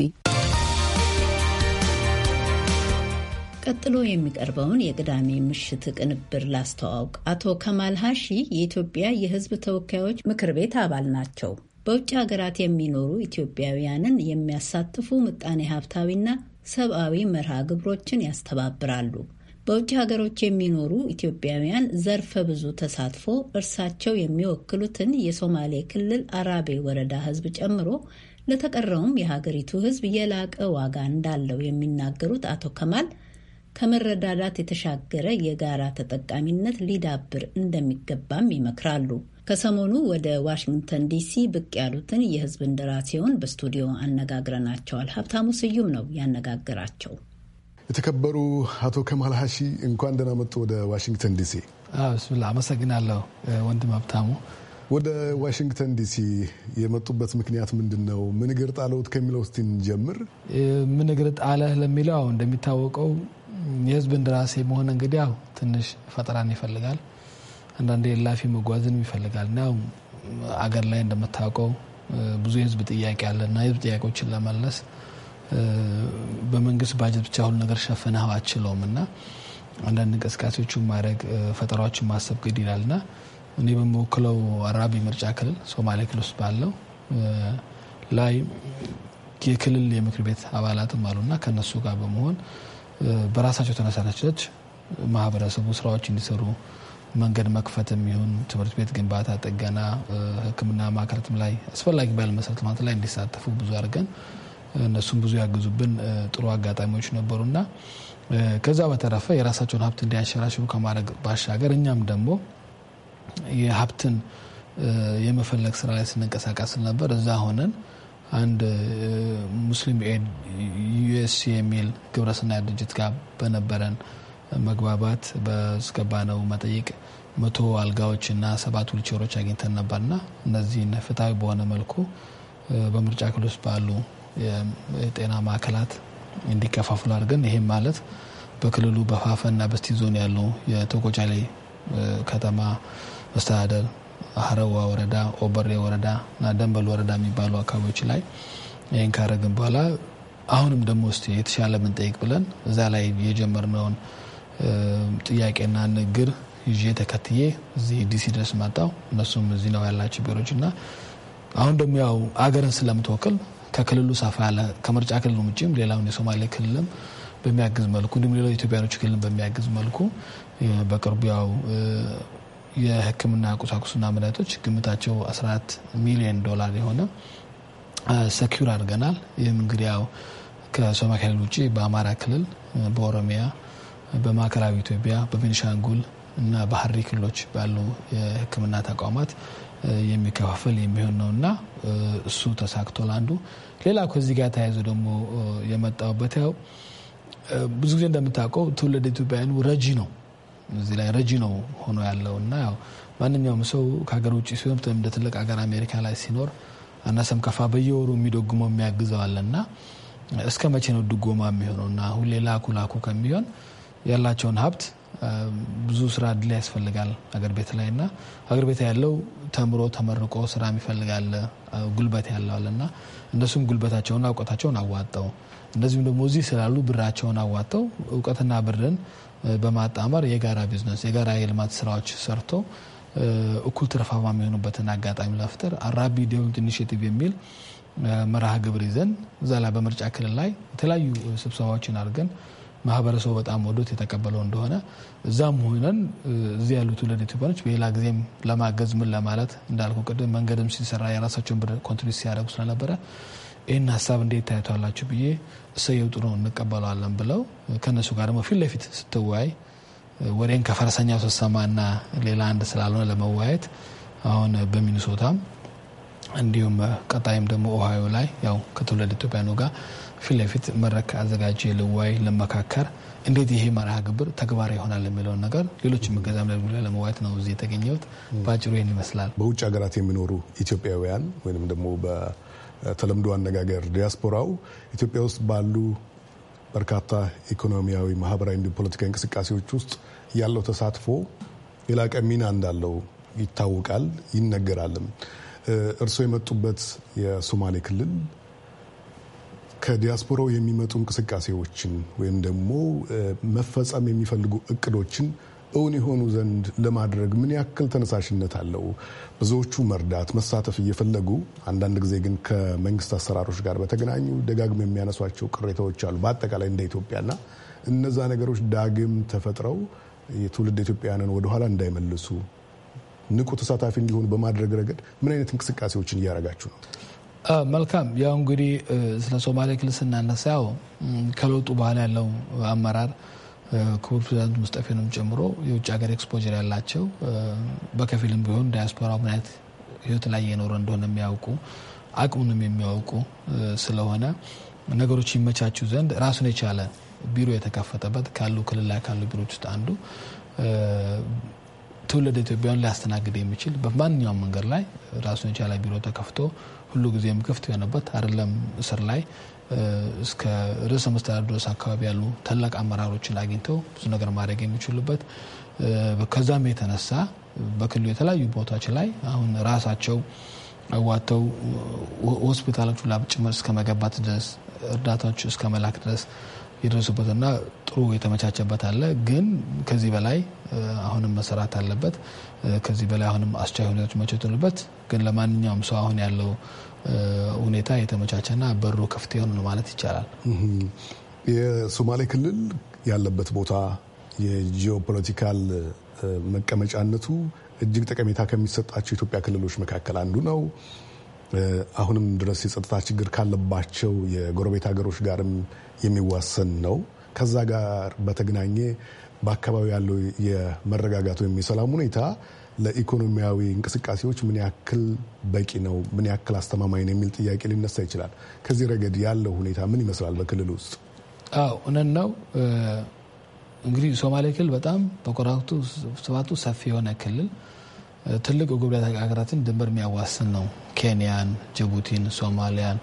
ቀጥሎ የሚቀርበውን የቅዳሜ ምሽት ቅንብር ላስተዋውቅ። አቶ ከማል ሀሺ የኢትዮጵያ የሕዝብ ተወካዮች ምክር ቤት አባል ናቸው። በውጭ ሀገራት የሚኖሩ ኢትዮጵያውያንን የሚያሳትፉ ምጣኔ ሀብታዊና ሰብአዊ መርሃ ግብሮችን ያስተባብራሉ። በውጭ ሀገሮች የሚኖሩ ኢትዮጵያውያን ዘርፈ ብዙ ተሳትፎ እርሳቸው የሚወክሉትን የሶማሌ ክልል አራቤ ወረዳ ህዝብ ጨምሮ ለተቀረውም የሀገሪቱ ህዝብ የላቀ ዋጋ እንዳለው የሚናገሩት አቶ ከማል ከመረዳዳት የተሻገረ የጋራ ተጠቃሚነት ሊዳብር እንደሚገባም ይመክራሉ። ከሰሞኑ ወደ ዋሽንግተን ዲሲ ብቅ ያሉትን የህዝብ እንደራሴውን በስቱዲዮ አነጋግረናቸዋል። ሀብታሙ ስዩም ነው ያነጋግራቸው። የተከበሩ አቶ ከማል ሀሺ እንኳን ደህና መጡ ወደ ዋሽንግተን ዲሲ። ብስምላ አመሰግናለሁ ወንድም ሀብታሙ። ወደ ዋሽንግተን ዲሲ የመጡበት ምክንያት ምንድን ነው? ምን እግር ጣለውት ከሚለው ስቲን ጀምር። ምን እግር ጣለህ ለሚለው እንደሚታወቀው የህዝብ እንደራሴ መሆን እንግዲህ ያው ትንሽ ፈጠራን ይፈልጋል። አንዳንድ የላፊ መጓዝን ይፈልጋል እና አገር ላይ እንደምታውቀው ብዙ የህዝብ ጥያቄ አለ እና የህዝብ ጥያቄዎችን ለመለስ በመንግስት ባጀት ብቻ ሁሉ ነገር ሸፍነህ አችለውም እና አንዳንድ እንቅስቃሴዎችን ማድረግ ፈጠራዎችን ማሰብ ግድ ይላል እና እኔ በምወክለው አራቢ ምርጫ ክልል ሶማሌ ክልል ውስጥ ባለው ላይ የክልል የምክር ቤት አባላትም አሉና ከእነሱ ጋር በመሆን በራሳቸው ተነሳነችች ማህበረሰቡ ስራዎች እንዲሰሩ መንገድ መክፈትም ይሁን ትምህርት ቤት ግንባታ፣ ጥገና፣ ሕክምና ማዕከላትም ላይ አስፈላጊ ባል መሰረተ ልማት ላይ እንዲሳተፉ ብዙ አድርገን እነሱም ብዙ ያግዙብን ጥሩ አጋጣሚዎች ነበሩና ከዛ በተረፈ የራሳቸውን ሀብት እንዲያሸራሽሩ ከማድረግ ባሻገር እኛም ደግሞ የሀብትን የመፈለግ ስራ ላይ ስንንቀሳቀስ ነበር። እዛ ሆነን አንድ ሙስሊም ኤድ ዩኤስ የሚል ግብረሰናይ ድርጅት ጋር በነበረን መግባባት በስገባነው መጠይቅ መቶ አልጋዎችና ሰባት ዊልቸሮች አግኝተን ነበርና እነዚህን ፍትሐዊ በሆነ መልኩ በምርጫ ክልል ውስጥ ባሉ የጤና ማዕከላት እንዲከፋፍሉ አድርገን ይህም ማለት በክልሉ በፋፈና በስቲ ዞን ያሉ የቶቆጫሌ ከተማ መስተዳደር፣ አረዋ ወረዳ፣ ኦበሬ ወረዳ እና ደንበል ወረዳ የሚባሉ አካባቢዎች ላይ ይህን ካረግን በኋላ አሁንም ደግሞ ስ የተሻለ ብንጠይቅ ብለን እዛ ላይ የጀመርነውን ጥያቄና ንግግር ይዤ ተከትዬ እዚህ ዲሲ ድረስ መጣው። እነሱም እዚህ ነው ያላቸው ቢሮች እና አሁን ደግሞ ያው አገርን ስለምትወክል ከክልሉ ሰፋ ያለ ከምርጫ ክልል ውጭም ሌላውን የሶማሌ ክልልም በሚያግዝ መልኩ እንዲሁም ሌላው ኢትዮጵያኖች ክልልም በሚያግዝ መልኩ በቅርቡ ያው የሕክምና ቁሳቁስና መድኃኒቶች ግምታቸው 14 ሚሊዮን ዶላር የሆነ ሰኪር አድርገናል። ይህም እንግዲህ ያው ከሶማ ክልል ውጭ በአማራ ክልል፣ በኦሮሚያ በማዕከላዊ ኢትዮጵያ፣ በቤንሻንጉል እና ባህሪ ክልሎች ባሉ የሕክምና ተቋማት የሚከፋፈል የሚሆን ነው እና እሱ ተሳክቶ አንዱ ሌላ ከዚህ ጋር ተያይዞ ደግሞ የመጣውበት ያው ብዙ ጊዜ እንደምታውቀው ትውልድ ኢትዮጵያውያኑ ረጂ ነው እዚህ ላይ ረጂ ነው ሆኖ ያለው እና ያው ማንኛውም ሰው ከሀገር ውጭ ሲሆን እንደ ትልቅ ሀገር አሜሪካ ላይ ሲኖር አነሰም ከፋ በየወሩ የሚደጉመው የሚያግዘዋል እና እስከ መቼ ነው ድጎማ የሚሆነው እና ሁሌ ላኩ ላኩ ከሚሆን ያላቸውን ሀብት ብዙ ስራ እድል ያስፈልጋል አገር ቤት ላይ እና አገር ቤት ያለው ተምሮ ተመርቆ ስራ የሚፈልጋለ ጉልበት ያለዋል እና እነሱም ጉልበታቸውና እውቀታቸውን አዋጠው እንደዚሁም ደግሞ እዚህ ስላሉ ብራቸውን አዋጠው እውቀትና ብርን በማጣመር የጋራ ቢዝነስ የጋራ የልማት ስራዎች ሰርቶ እኩል ትርፋማ የሚሆኑበትን አጋጣሚ ለመፍጠር አራቢ ዴቨሎፕመንት ኢኒሽቲቭ የሚል መርሃ ግብር ይዘን እዛ ላይ በምርጫ ክልል ላይ የተለያዩ ስብሰባዎችን አድርገን ማህበረሰቡ በጣም ወዶት የተቀበለው እንደሆነ እዛም ሆነን እዚህ ያሉት ትውልድ ኢትዮጵያኖች በሌላ ጊዜም ለማገዝ ምን ለማለት እንዳልኩ ቅድም መንገድም ሲሰራ የራሳቸውን ብር ኮንትሪቢዩት ሲያደርጉ ስለነበረ ይህን ሀሳብ እንዴት ታይቷላችሁ ብዬ እሰየው ጥሩ ነው እንቀበለዋለን ብለው ከእነሱ ጋር ደግሞ ፊት ለፊት ስትወያይ ወሬን ከፈረሰኛው ስትሰማ እና ሌላ አንድ ስላልሆነ ለመወያየት አሁን በሚኒሶታም እንዲሁም ቀጣይም ደግሞ ኦሃዮ ላይ ያው ከትውልድ ኢትዮጵያኑ ጋር ፊት ለፊት መድረክ አዘጋጅ ልዋይ ለመካከር እንዴት ይሄ መርሃ ግብር ተግባራዊ ይሆናል የሚለውን ነገር ሌሎች የምገዛም ላይ ለመዋየት ነው እዚህ የተገኘሁት። በአጭሩ ይህን ይመስላል። በውጭ ሀገራት የሚኖሩ ኢትዮጵያውያን ወይም ደግሞ በተለምዶ አነጋገር ዲያስፖራው ኢትዮጵያ ውስጥ ባሉ በርካታ ኢኮኖሚያዊ፣ ማህበራዊ እንዲሁም ፖለቲካዊ እንቅስቃሴዎች ውስጥ ያለው ተሳትፎ የላቀ ሚና እንዳለው ይታወቃል ይነገራልም። እርስዎ የመጡበት የሶማሌ ክልል ከዲያስፖራው የሚመጡ እንቅስቃሴዎችን ወይም ደግሞ መፈጸም የሚፈልጉ እቅዶችን እውን የሆኑ ዘንድ ለማድረግ ምን ያክል ተነሳሽነት አለው? ብዙዎቹ መርዳት መሳተፍ እየፈለጉ አንዳንድ ጊዜ ግን ከመንግስት አሰራሮች ጋር በተገናኙ ደጋግመው የሚያነሷቸው ቅሬታዎች አሉ። በአጠቃላይ እንደ ኢትዮጵያና እነዛ ነገሮች ዳግም ተፈጥረው የትውልድ ኢትዮጵያውያንን ወደኋላ እንዳይመልሱ ንቁ ተሳታፊ እንዲሆኑ በማድረግ ረገድ ምን አይነት እንቅስቃሴዎችን እያደረጋችሁ ነው? መልካም ያው እንግዲህ ስለ ሶማሌ ክልል ስናነሳ ያው ከለውጡ በኋላ ያለው አመራር ክቡር ፕሬዚዳንት ሙስጠፌንም ጨምሮ የውጭ ሀገር ኤክስፖጀር ያላቸው በከፊልም ቢሆን ዳያስፖራ ምን አይነት ህይወት ላይ እየኖረ እንደሆነ የሚያውቁ አቅሙንም የሚያውቁ ስለሆነ ነገሮች ይመቻቹ ዘንድ ራሱን የቻለ ቢሮ የተከፈተበት ካሉ ክልል ላይ ካሉ ቢሮዎች ውስጥ አንዱ ትውልድ ኢትዮጵያን ሊያስተናግድ የሚችል በማንኛውም መንገድ ላይ ራሱን የቻለ ቢሮ ተከፍቶ ሁሉ ጊዜም ክፍት የሆነበት አይደለም እስር ላይ እስከ ርዕሰ መስተዳድር ድረስ አካባቢ ያሉ ታላቅ አመራሮችን አግኝተው ብዙ ነገር ማድረግ የሚችሉበት ከዛም የተነሳ በክልሉ የተለያዩ ቦታዎች ላይ አሁን ራሳቸው አዋተው ሆስፒታሎቹ ላብ ጭምር እስከ መገባት ድረስ እርዳታዎች እስከ መላክ ድረስ የደረሱበትና ጥሩ የተመቻቸበት አለ። ግን ከዚህ በላይ አሁንም መሰራት አለበት። ከዚህ በላይ አሁንም አስቻይ ሁኔታዎች መቸትሉበት ግን ለማንኛውም ሰው አሁን ያለው ሁኔታ የተመቻቸና በሩ ክፍት የሆኑ ማለት ይቻላል። የሶማሌ ክልል ያለበት ቦታ የጂኦፖለቲካል መቀመጫነቱ እጅግ ጠቀሜታ ከሚሰጣቸው የኢትዮጵያ ክልሎች መካከል አንዱ ነው። አሁንም ድረስ የጸጥታ ችግር ካለባቸው የጎረቤት ሀገሮች ጋርም የሚዋሰን ነው። ከዛ ጋር በተገናኘ በአካባቢ ያለው የመረጋጋት ወይም የሰላም ሁኔታ ለኢኮኖሚያዊ እንቅስቃሴዎች ምን ያክል በቂ ነው፣ ምን ያክል አስተማማኝ ነው የሚል ጥያቄ ሊነሳ ይችላል። ከዚህ ረገድ ያለው ሁኔታ ምን ይመስላል በክልል ውስጥ? አዎ እውነት ነው። እንግዲህ ሶማሌ ክልል በጣም በቆራቱ ስፋቱ ሰፊ የሆነ ክልል ትልቅ የጎረቤት ሀገራትን ድንበር የሚያዋስን ነው። ኬንያን፣ ጅቡቲን፣ ሶማሊያን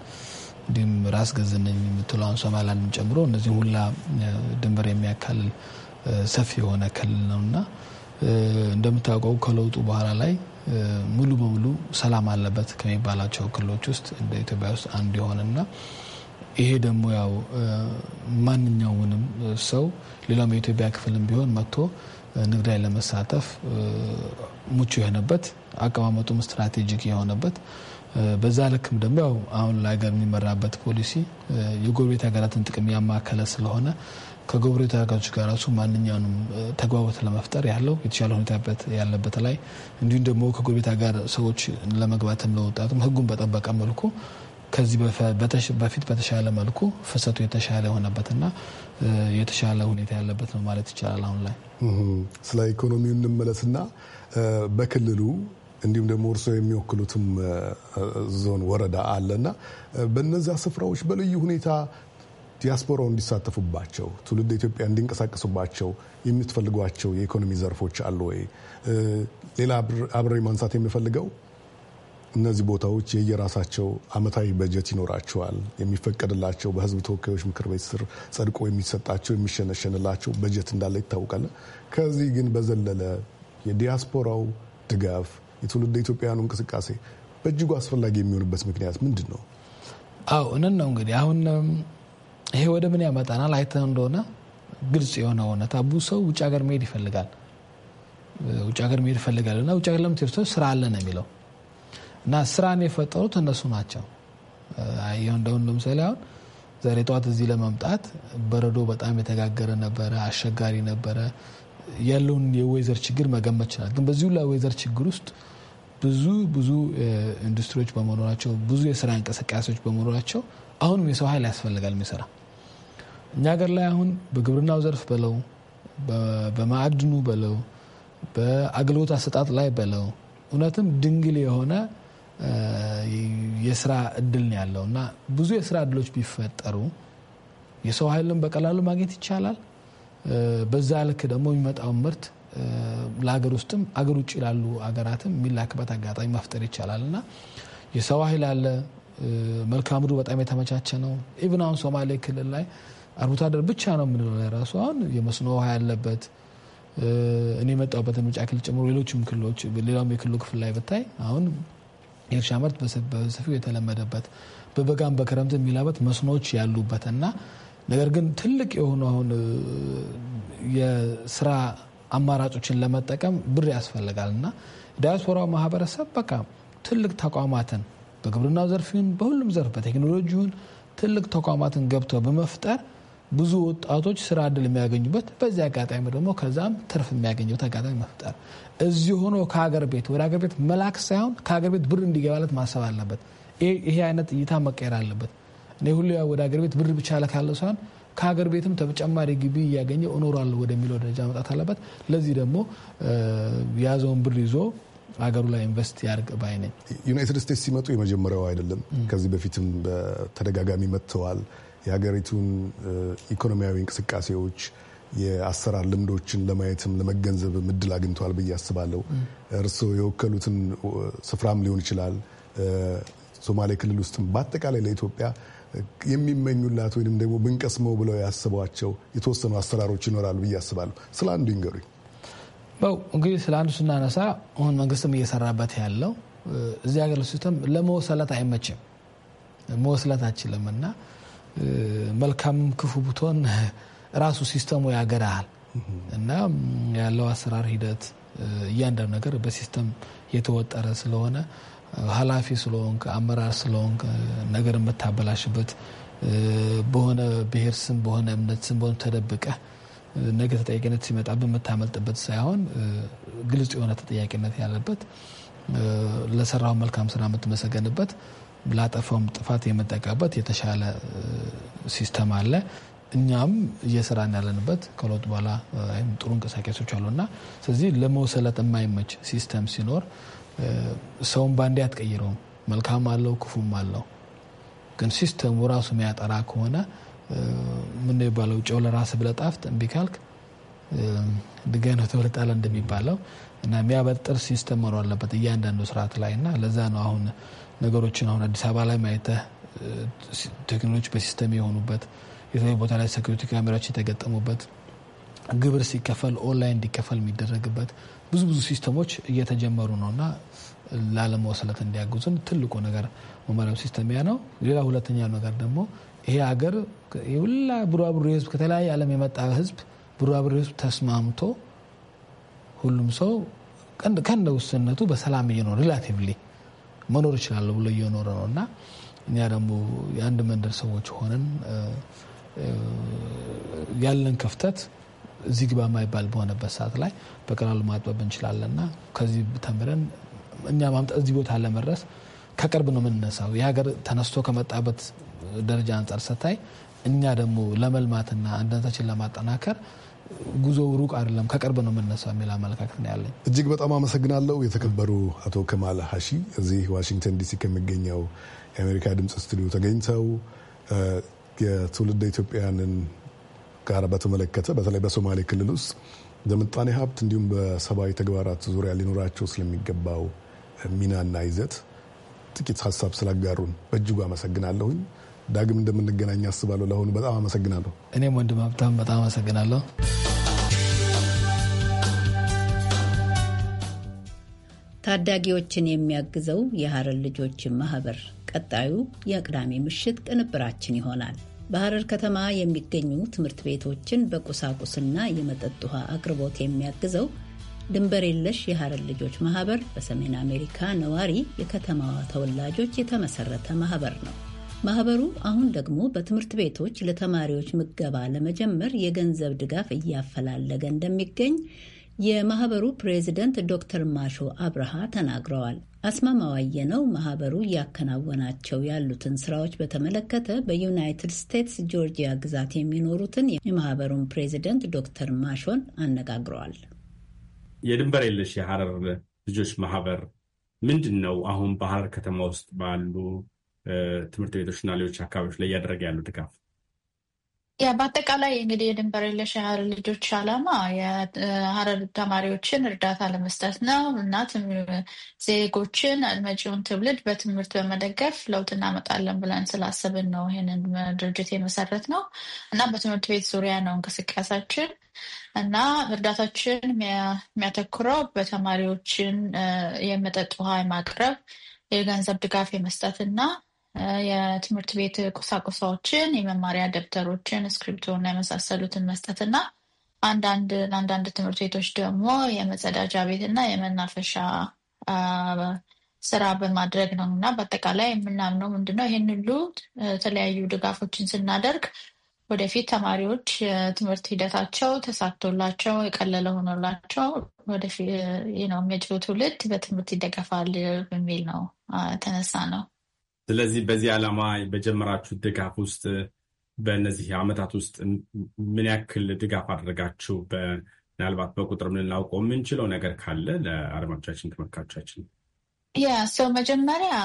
እንዲሁም ራስ ገዝነኝ የምትለውን ሶማላንድን ጨምሮ እነዚህ ሁላ ድንበር የሚያካልል ሰፊ የሆነ ክልል ነው እና እንደምታውቀው ከለውጡ በኋላ ላይ ሙሉ በሙሉ ሰላም አለበት ከሚባላቸው ክልሎች ውስጥ እንደ ኢትዮጵያ ውስጥ አንዱ የሆነና ይሄ ደግሞ ያው ማንኛውንም ሰው ሌላውም የኢትዮጵያ ክፍልም ቢሆን መጥቶ ንግድ ላይ ለመሳተፍ ምቹ የሆነበት አቀማመጡም ስትራቴጂክ የሆነበት በዛ ልክም ደግሞ ያው አሁን ለሀገር የሚመራበት ፖሊሲ የጎረቤት ሀገራትን ጥቅም ያማከለ ስለሆነ ከጎረቤት ሀገሮች ጋር ራሱ ማንኛውንም ተግባቦት ለመፍጠር ያለው የተሻለ ሁኔታ ያለበት ላይ እንዲሁም ደግሞ ከጎረቤት ጋር ሰዎች ለመግባትም ለወጣቱም ህጉን በጠበቀ መልኩ ከዚህ በፊት በተሻለ መልኩ ፍሰቱ የተሻለ የሆነበትና የተሻለ ሁኔታ ያለበት ነው ማለት ይቻላል። አሁን ላይ ስለ ኢኮኖሚው እንመለስና በክልሉ እንዲሁም ደግሞ እርስዎ የሚወክሉትም ዞን ወረዳ አለና በነዚያ ስፍራዎች በልዩ ሁኔታ ዲያስፖራው እንዲሳተፉባቸው ትውልድ ኢትዮጵያ እንዲንቀሳቀሱባቸው የምትፈልጓቸው የኢኮኖሚ ዘርፎች አሉ ወይ? ሌላ አብሬ ማንሳት የሚፈልገው እነዚህ ቦታዎች የየራሳቸው አመታዊ በጀት ይኖራቸዋል። የሚፈቀድላቸው በህዝብ ተወካዮች ምክር ቤት ስር ጸድቆ የሚሰጣቸው የሚሸነሸንላቸው በጀት እንዳለ ይታወቃል። ከዚህ ግን በዘለለ የዲያስፖራው ድጋፍ የትውልደ ኢትዮጵያውያኑ እንቅስቃሴ በእጅጉ አስፈላጊ የሚሆንበት ምክንያት ምንድን ነው? አው እንን ነው እንግዲህ አሁን ይሄ ወደ ምን ያመጣናል አይተ እንደሆነ ግልጽ የሆነ እውነት አቡ ሰው ውጭ ሀገር መሄድ ይፈልጋል ውጭ ሀገር መሄድ ይፈልጋል እና ውጭ ሀገር ለምትሄድ ሰው ስራ አለ ነው የሚለው እና ስራን የፈጠሩት እነሱ ናቸው። ይኸው እንደሁን ለምሳሌ አሁን ዛሬ ጠዋት እዚህ ለመምጣት በረዶ በጣም የተጋገረ ነበረ፣ አስቸጋሪ ነበረ። ያለውን የወይዘር ችግር መገመት ይችላል። ግን በዚሁ ላይ ወይዘር ችግር ውስጥ ብዙ ብዙ ኢንዱስትሪዎች በመኖራቸው ብዙ የስራ እንቅስቃሴዎች በመኖራቸው አሁንም የሰው ኃይል ያስፈልጋል የሚሰራ እኛ ሀገር ላይ አሁን በግብርናው ዘርፍ በለው በማዕድኑ በለው በአገልግሎት አሰጣጥ ላይ በለው እውነትም ድንግል የሆነ የስራ እድል ነው ያለው እና ብዙ የስራ እድሎች ቢፈጠሩ የሰው ኃይልን በቀላሉ ማግኘት ይቻላል። በዛ ልክ ደግሞ የሚመጣውን ምርት ለሀገር ውስጥም አገር ውጭ ላሉ ሀገራትም የሚላክበት አጋጣሚ መፍጠር ይቻላል እና የሰው ኃይል አለ። መልክዓ ምድሩ በጣም የተመቻቸ ነው። ኢቭን አሁን ሶማሌ ክልል ላይ አርብቶ አደር ብቻ ነው የምንለው ራሱ አሁን የመስኖ ውሃ ያለበት እኔ የመጣሁበትን ምርጫ ክልል ጨምሮ ሌሎችም ክልሎች ሌላውም የክልሉ ክፍል ላይ ብታይ አሁን የእርሻ ምርት በሰፊው የተለመደበት በበጋም በክረምት የሚላበት መስኖዎች ያሉበት እና ነገር ግን ትልቅ የሆኑ አሁን የስራ አማራጮችን ለመጠቀም ብር ያስፈልጋል እና ዳያስፖራው ማህበረሰብ በቃ ትልቅ ተቋማትን በግብርናው ዘርፍ ይሁን በሁሉም ዘርፍ በቴክኖሎጂ ይሁን ትልቅ ተቋማትን ገብተው በመፍጠር ብዙ ወጣቶች ስራ እድል የሚያገኙበት በዚህ አጋጣሚ ደግሞ ከዛም ትርፍ የሚያገኙበት አጋጣሚ መፍጠር እዚህ ሆኖ ከሀገር ቤት ወደ ሀገር ቤት መላክ ሳይሆን ከሀገር ቤት ብር እንዲገባለት ማሰብ አለበት። ይሄ አይነት እይታ መቀየር አለበት። እኔ ሁሌ ወደ ሀገር ቤት ብር ብቻ ለካለ ሳይሆን ከሀገር ቤትም ተጨማሪ ግቢ እያገኘ እኖራለሁ ወደሚለው ደረጃ መጣት አለበት። ለዚህ ደግሞ የያዘውን ብር ይዞ ሀገሩ ላይ ኢንቨስት ያድርግ ባይ ነኝ። ዩናይትድ ስቴትስ ሲመጡ የመጀመሪያው አይደለም። ከዚህ በፊትም በተደጋጋሚ መጥተዋል። የሀገሪቱን ኢኮኖሚያዊ እንቅስቃሴዎች የአሰራር ልምዶችን ለማየትም ለመገንዘብ እድል አግኝተዋል ብዬ አስባለሁ። እርስዎ የወከሉትን ስፍራም ሊሆን ይችላል፣ ሶማሌ ክልል ውስጥም በአጠቃላይ ለኢትዮጵያ የሚመኙላት ወይም ደግሞ ብንቀስመው ብለው ያስቧቸው የተወሰኑ አሰራሮች ይኖራሉ ብዬ አስባለሁ። ስለ አንዱ ይንገሩኝ። እንግዲህ ስለ አንዱ ስናነሳ አሁን መንግስትም እየሰራበት ያለው እዚህ ሀገር ሲስተም ለመወሰለት አይመችም፣ መወስለት አችልም እና መልካም ክፉ ብትሆን ራሱ ሲስተሙ ያገዳሃል እና ያለው አሰራር ሂደት እያንዳንዱ ነገር በሲስተም የተወጠረ ስለሆነ ኃላፊ ስለሆንክ አመራር ስለሆንክ ነገር የምታበላሽበት በሆነ ብሔር ስም በሆነ እምነት ስም በሆነ ተደብቀ ነገ ተጠያቂነት ሲመጣ በምታመልጥበት ሳይሆን ግልጽ የሆነ ተጠያቂነት ያለበት ለሰራው መልካም ስራ የምትመሰገንበት ላጠፋውም ጥፋት የምጠቀበት የተሻለ ሲስተም አለ። እኛም እየሰራን ያለንበት ከለውጥ በኋላ ጥሩ እንቅስቃሴዎች አሉና ስለዚህ ለመውሰለት የማይመች ሲስተም ሲኖር ሰውን በአንዴ አትቀይረውም። መልካም አለው፣ ክፉም አለው። ግን ሲስተሙ ራሱ የሚያጠራ ከሆነ ምን ይባለው ጨው ለራስ ብለጣፍት ጣፍጥ እምቢ ካልክ ድንጋይ ነው እንደሚባለው እና የሚያበጥር ሲስተም መኖር አለበት እያንዳንዱ ስርዓት ላይ እና ለዛ ነው አሁን ነገሮችን አሁን አዲስ አበባ ላይ ማየተ ቴክኖሎጂ በሲስተም የሆኑበት የተለያዩ ቦታ ላይ ሴኩሪቲ ካሜራዎች የተገጠሙበት ግብር ሲከፈል ኦንላይን እንዲከፈል የሚደረግበት ብዙ ብዙ ሲስተሞች እየተጀመሩ ነው እና ላለመወሰለት እንዲያግዙን ትልቁ ነገር መመሪያም ሲስተም ያ ነው። ሌላ ሁለተኛ ነገር ደግሞ ይሄ ሀገር ሁላ ቡራቡሬ ህዝብ ከተለያየ ዓለም የመጣ ህዝብ ቡራቡሬ ህዝብ ተስማምቶ ሁሉም ሰው ከእንደ ውስንነቱ በሰላም እየኖረ ሪላቲቭሊ መኖር ይችላለሁ ብሎ እየኖረ ነው እና እኛ ደግሞ የአንድ መንደር ሰዎች ሆነን ያለን ክፍተት እዚህ ግባ የማይባል በሆነበት ሰዓት ላይ በቀላሉ ማጥበብ እንችላለንና ከዚህ ተምረን እኛ ማምጣት እዚህ ቦታ ለመድረስ ከቅርብ ነው የምንነሳው። የሀገር ተነስቶ ከመጣበት ደረጃ አንጻር ስታይ እኛ ደግሞ ለመልማትና አንድነታችን ለማጠናከር ጉዞ ሩቅ አይደለም፣ ከቅርብ ነው የምነሳው የሚል አመለካከት ነው ያለኝ። እጅግ በጣም አመሰግናለሁ። የተከበሩ አቶ ከማል ሀሺ እዚህ ዋሽንግተን ዲሲ ከሚገኘው የአሜሪካ ድምፅ ስቱዲዮ ተገኝተው የትውልድ ኢትዮጵያውያንን ጋር በተመለከተ በተለይ በሶማሌ ክልል ውስጥ በምጣኔ ሀብት እንዲሁም በሰብአዊ ተግባራት ዙሪያ ሊኖራቸው ስለሚገባው ሚናና ይዘት ጥቂት ሀሳብ ስላጋሩን በእጅጉ አመሰግናለሁኝ። ዳግም እንደምንገናኝ አስባለሁ። ለአሁኑ በጣም አመሰግናለሁ። እኔም ወንድም ሀብታም በጣም አመሰግናለሁ። ታዳጊዎችን የሚያግዘው የሀረር ልጆች ማህበር ቀጣዩ የቅዳሜ ምሽት ቅንብራችን ይሆናል። በሐረር ከተማ የሚገኙ ትምህርት ቤቶችን በቁሳቁስና የመጠጥ ውሃ አቅርቦት የሚያግዘው ድንበር የለሽ የሐረር ልጆች ማህበር በሰሜን አሜሪካ ነዋሪ የከተማዋ ተወላጆች የተመሰረተ ማህበር ነው። ማህበሩ አሁን ደግሞ በትምህርት ቤቶች ለተማሪዎች ምገባ ለመጀመር የገንዘብ ድጋፍ እያፈላለገ እንደሚገኝ የማህበሩ ፕሬዚደንት ዶክተር ማሾ አብርሃ ተናግረዋል። አስማማዋየ ነው ማህበሩ እያከናወናቸው ያሉትን ስራዎች በተመለከተ በዩናይትድ ስቴትስ ጆርጂያ ግዛት የሚኖሩትን የማህበሩን ፕሬዚደንት ዶክተር ማሾን አነጋግረዋል። የድንበር የለሽ የሀረር ልጆች ማህበር ምንድን ነው አሁን በሀረር ከተማ ውስጥ ባሉ ትምህርት ቤቶችና ሌሎች አካባቢዎች ላይ እያደረገ ያሉ ድጋፍ? ያ በአጠቃላይ እንግዲህ የድንበር የለሽ የሀረር ልጆች አላማ የሀረር ተማሪዎችን እርዳታ ለመስጠት ነው እና ዜጎችን መጪውን ትውልድ በትምህርት በመደገፍ ለውጥ እናመጣለን ብለን ስላሰብን ነው ይህንን ድርጅት የመሰረት ነው እና በትምህርት ቤት ዙሪያ ነው እንቅስቃሴያችን እና እርዳታችን የሚያተኩረው በተማሪዎችን የመጠጥ ውሃ የማቅረብ የገንዘብ ድጋፍ የመስጠት እና የትምህርት ቤት ቁሳቁሳዎችን፣ የመማሪያ ደብተሮችን፣ እስክሪብቶ የመሳሰሉትን መስጠት እና አንዳንድ ለአንዳንድ ትምህርት ቤቶች ደግሞ የመጸዳጃ ቤት እና የመናፈሻ ስራ በማድረግ ነው እና በአጠቃላይ የምናምነው ምንድነው ይህን ሁሉ የተለያዩ ድጋፎችን ስናደርግ ወደፊት ተማሪዎች የትምህርት ሂደታቸው ተሳክቶላቸው የቀለለ ሆኖላቸው ወደፊት ነው የሚያጭሩ ትውልድ በትምህርት ይደገፋል በሚል ነው ተነሳ ነው። ስለዚህ በዚህ ዓላማ በጀመራችሁ ድጋፍ ውስጥ በእነዚህ ዓመታት ውስጥ ምን ያክል ድጋፍ አድርጋችሁ ምናልባት በቁጥር ልናውቀው የምንችለው ነገር ካለ ለአድማጮቻችን፣ ተመልካቾቻችን። ያ ሰው መጀመሪያ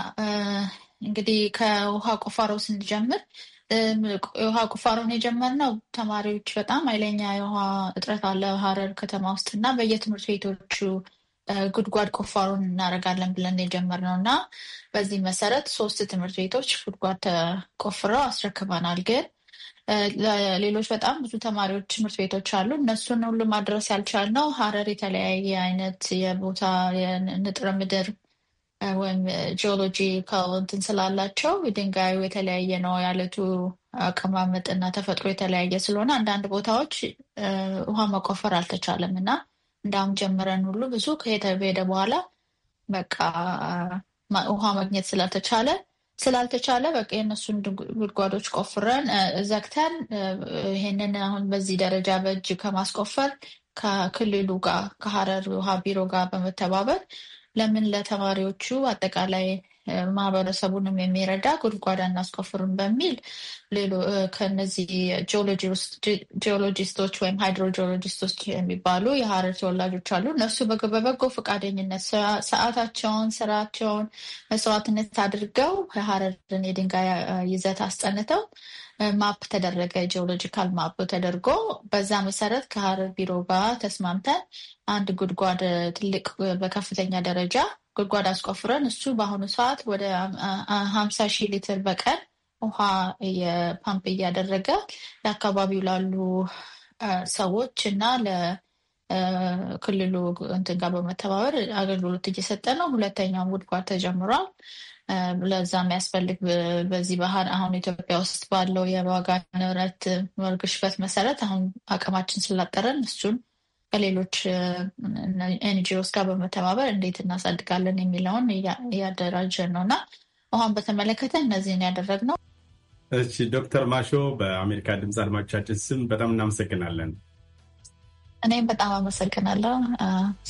እንግዲህ ከውሃ ቁፋሮ ስንጀምር የውሃ ቁፋሮን የጀመርነው ተማሪዎች በጣም ኃይለኛ የውሃ እጥረት አለ ሀረር ከተማ ውስጥ እና በየትምህርት ቤቶቹ ጉድጓድ ቁፋሮን እናደርጋለን ብለን የጀመርነው እና በዚህ መሰረት ሶስት ትምህርት ቤቶች ጉድጓድ ተቆፍረው አስረክበናል። ግን ሌሎች በጣም ብዙ ተማሪዎች ትምህርት ቤቶች አሉ። እነሱን ሁሉ ማድረስ ያልቻልነው ሀረር የተለያየ አይነት የቦታ ንጥረ ምድር ወይም ጂኦሎጂ እንትን ስላላቸው ድንጋዩ የተለያየ ነው። ያለቱ አቀማመጥ እና ተፈጥሮ የተለያየ ስለሆነ አንዳንድ ቦታዎች ውሃ መቆፈር አልተቻለም እና እንዳሁን ጀምረን ሁሉ ብዙ ከሄደ በኋላ በቃ ውሃ ማግኘት ስላልተቻለ ስላልተቻለ በቃ የእነሱን ጉድጓዶች ቆፍረን ዘግተን ይሄንን አሁን በዚህ ደረጃ በእጅ ከማስቆፈር ከክልሉ ጋር ከሀረር ውሃ ቢሮ ጋር በመተባበር ለምን ለተማሪዎቹ አጠቃላይ ማህበረሰቡንም የሚረዳ ጉድጓዳ እናስቆፍርም በሚል ሌሎ ከነዚህ ጂኦሎጂስቶች ወይም ሃይድሮጂኦሎጂስቶች የሚባሉ የሀረር ተወላጆች አሉ። እነሱ በበጎ ፈቃደኝነት ሰዓታቸውን፣ ስራቸውን መስዋዕትነት አድርገው የሀረርን የድንጋይ ይዘት አስጠንተው ማፕ ተደረገ። ጂኦሎጂካል ማፕ ተደርጎ በዛ መሰረት ከሀረር ቢሮ ጋር ተስማምተን አንድ ጉድጓድ ትልቅ በከፍተኛ ደረጃ ጉድጓድ አስቆፍረን እሱ በአሁኑ ሰዓት ወደ ሀምሳ ሺህ ሊትር በቀን ውሃ የፓምፕ እያደረገ ለአካባቢው ላሉ ሰዎች እና ለክልሉ እንትን ጋር በመተባበር አገልግሎት እየሰጠ ነው። ሁለተኛውም ጉድጓድ ተጀምሯል። ለዛ የሚያስፈልግ በዚህ ባህር አሁን ኢትዮጵያ ውስጥ ባለው የዋጋ ንብረት ግሽበት መሰረት አሁን አቅማችን ስላጠረን እሱን ከሌሎች ኤንጂኦስ ጋር በመተባበር እንዴት እናሳድጋለን የሚለውን እያደራጀ ነው እና ውሃን በተመለከተ እነዚህን ነው። እሺ ዶክተር ማሾ በአሜሪካ ድምፅ አድማጮቻችን ስም በጣም እናመሰግናለን። እኔም በጣም አመሰግናለሁ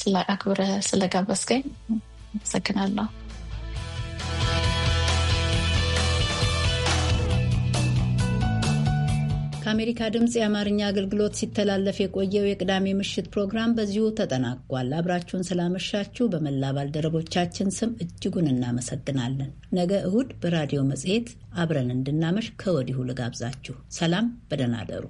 ስለ አክብረ ስለጋበዝከኝ አመሰግናለሁ። ከአሜሪካ ድምፅ የአማርኛ አገልግሎት ሲተላለፍ የቆየው የቅዳሜ ምሽት ፕሮግራም በዚሁ ተጠናቋል። አብራችሁን ስላመሻችሁ በመላ ባልደረቦቻችን ስም እጅጉን እናመሰግናለን። ነገ እሁድ በራዲዮ መጽሔት አብረን እንድናመሽ ከወዲሁ ልጋብዛችሁ። ሰላም፣ በደህና አደሩ።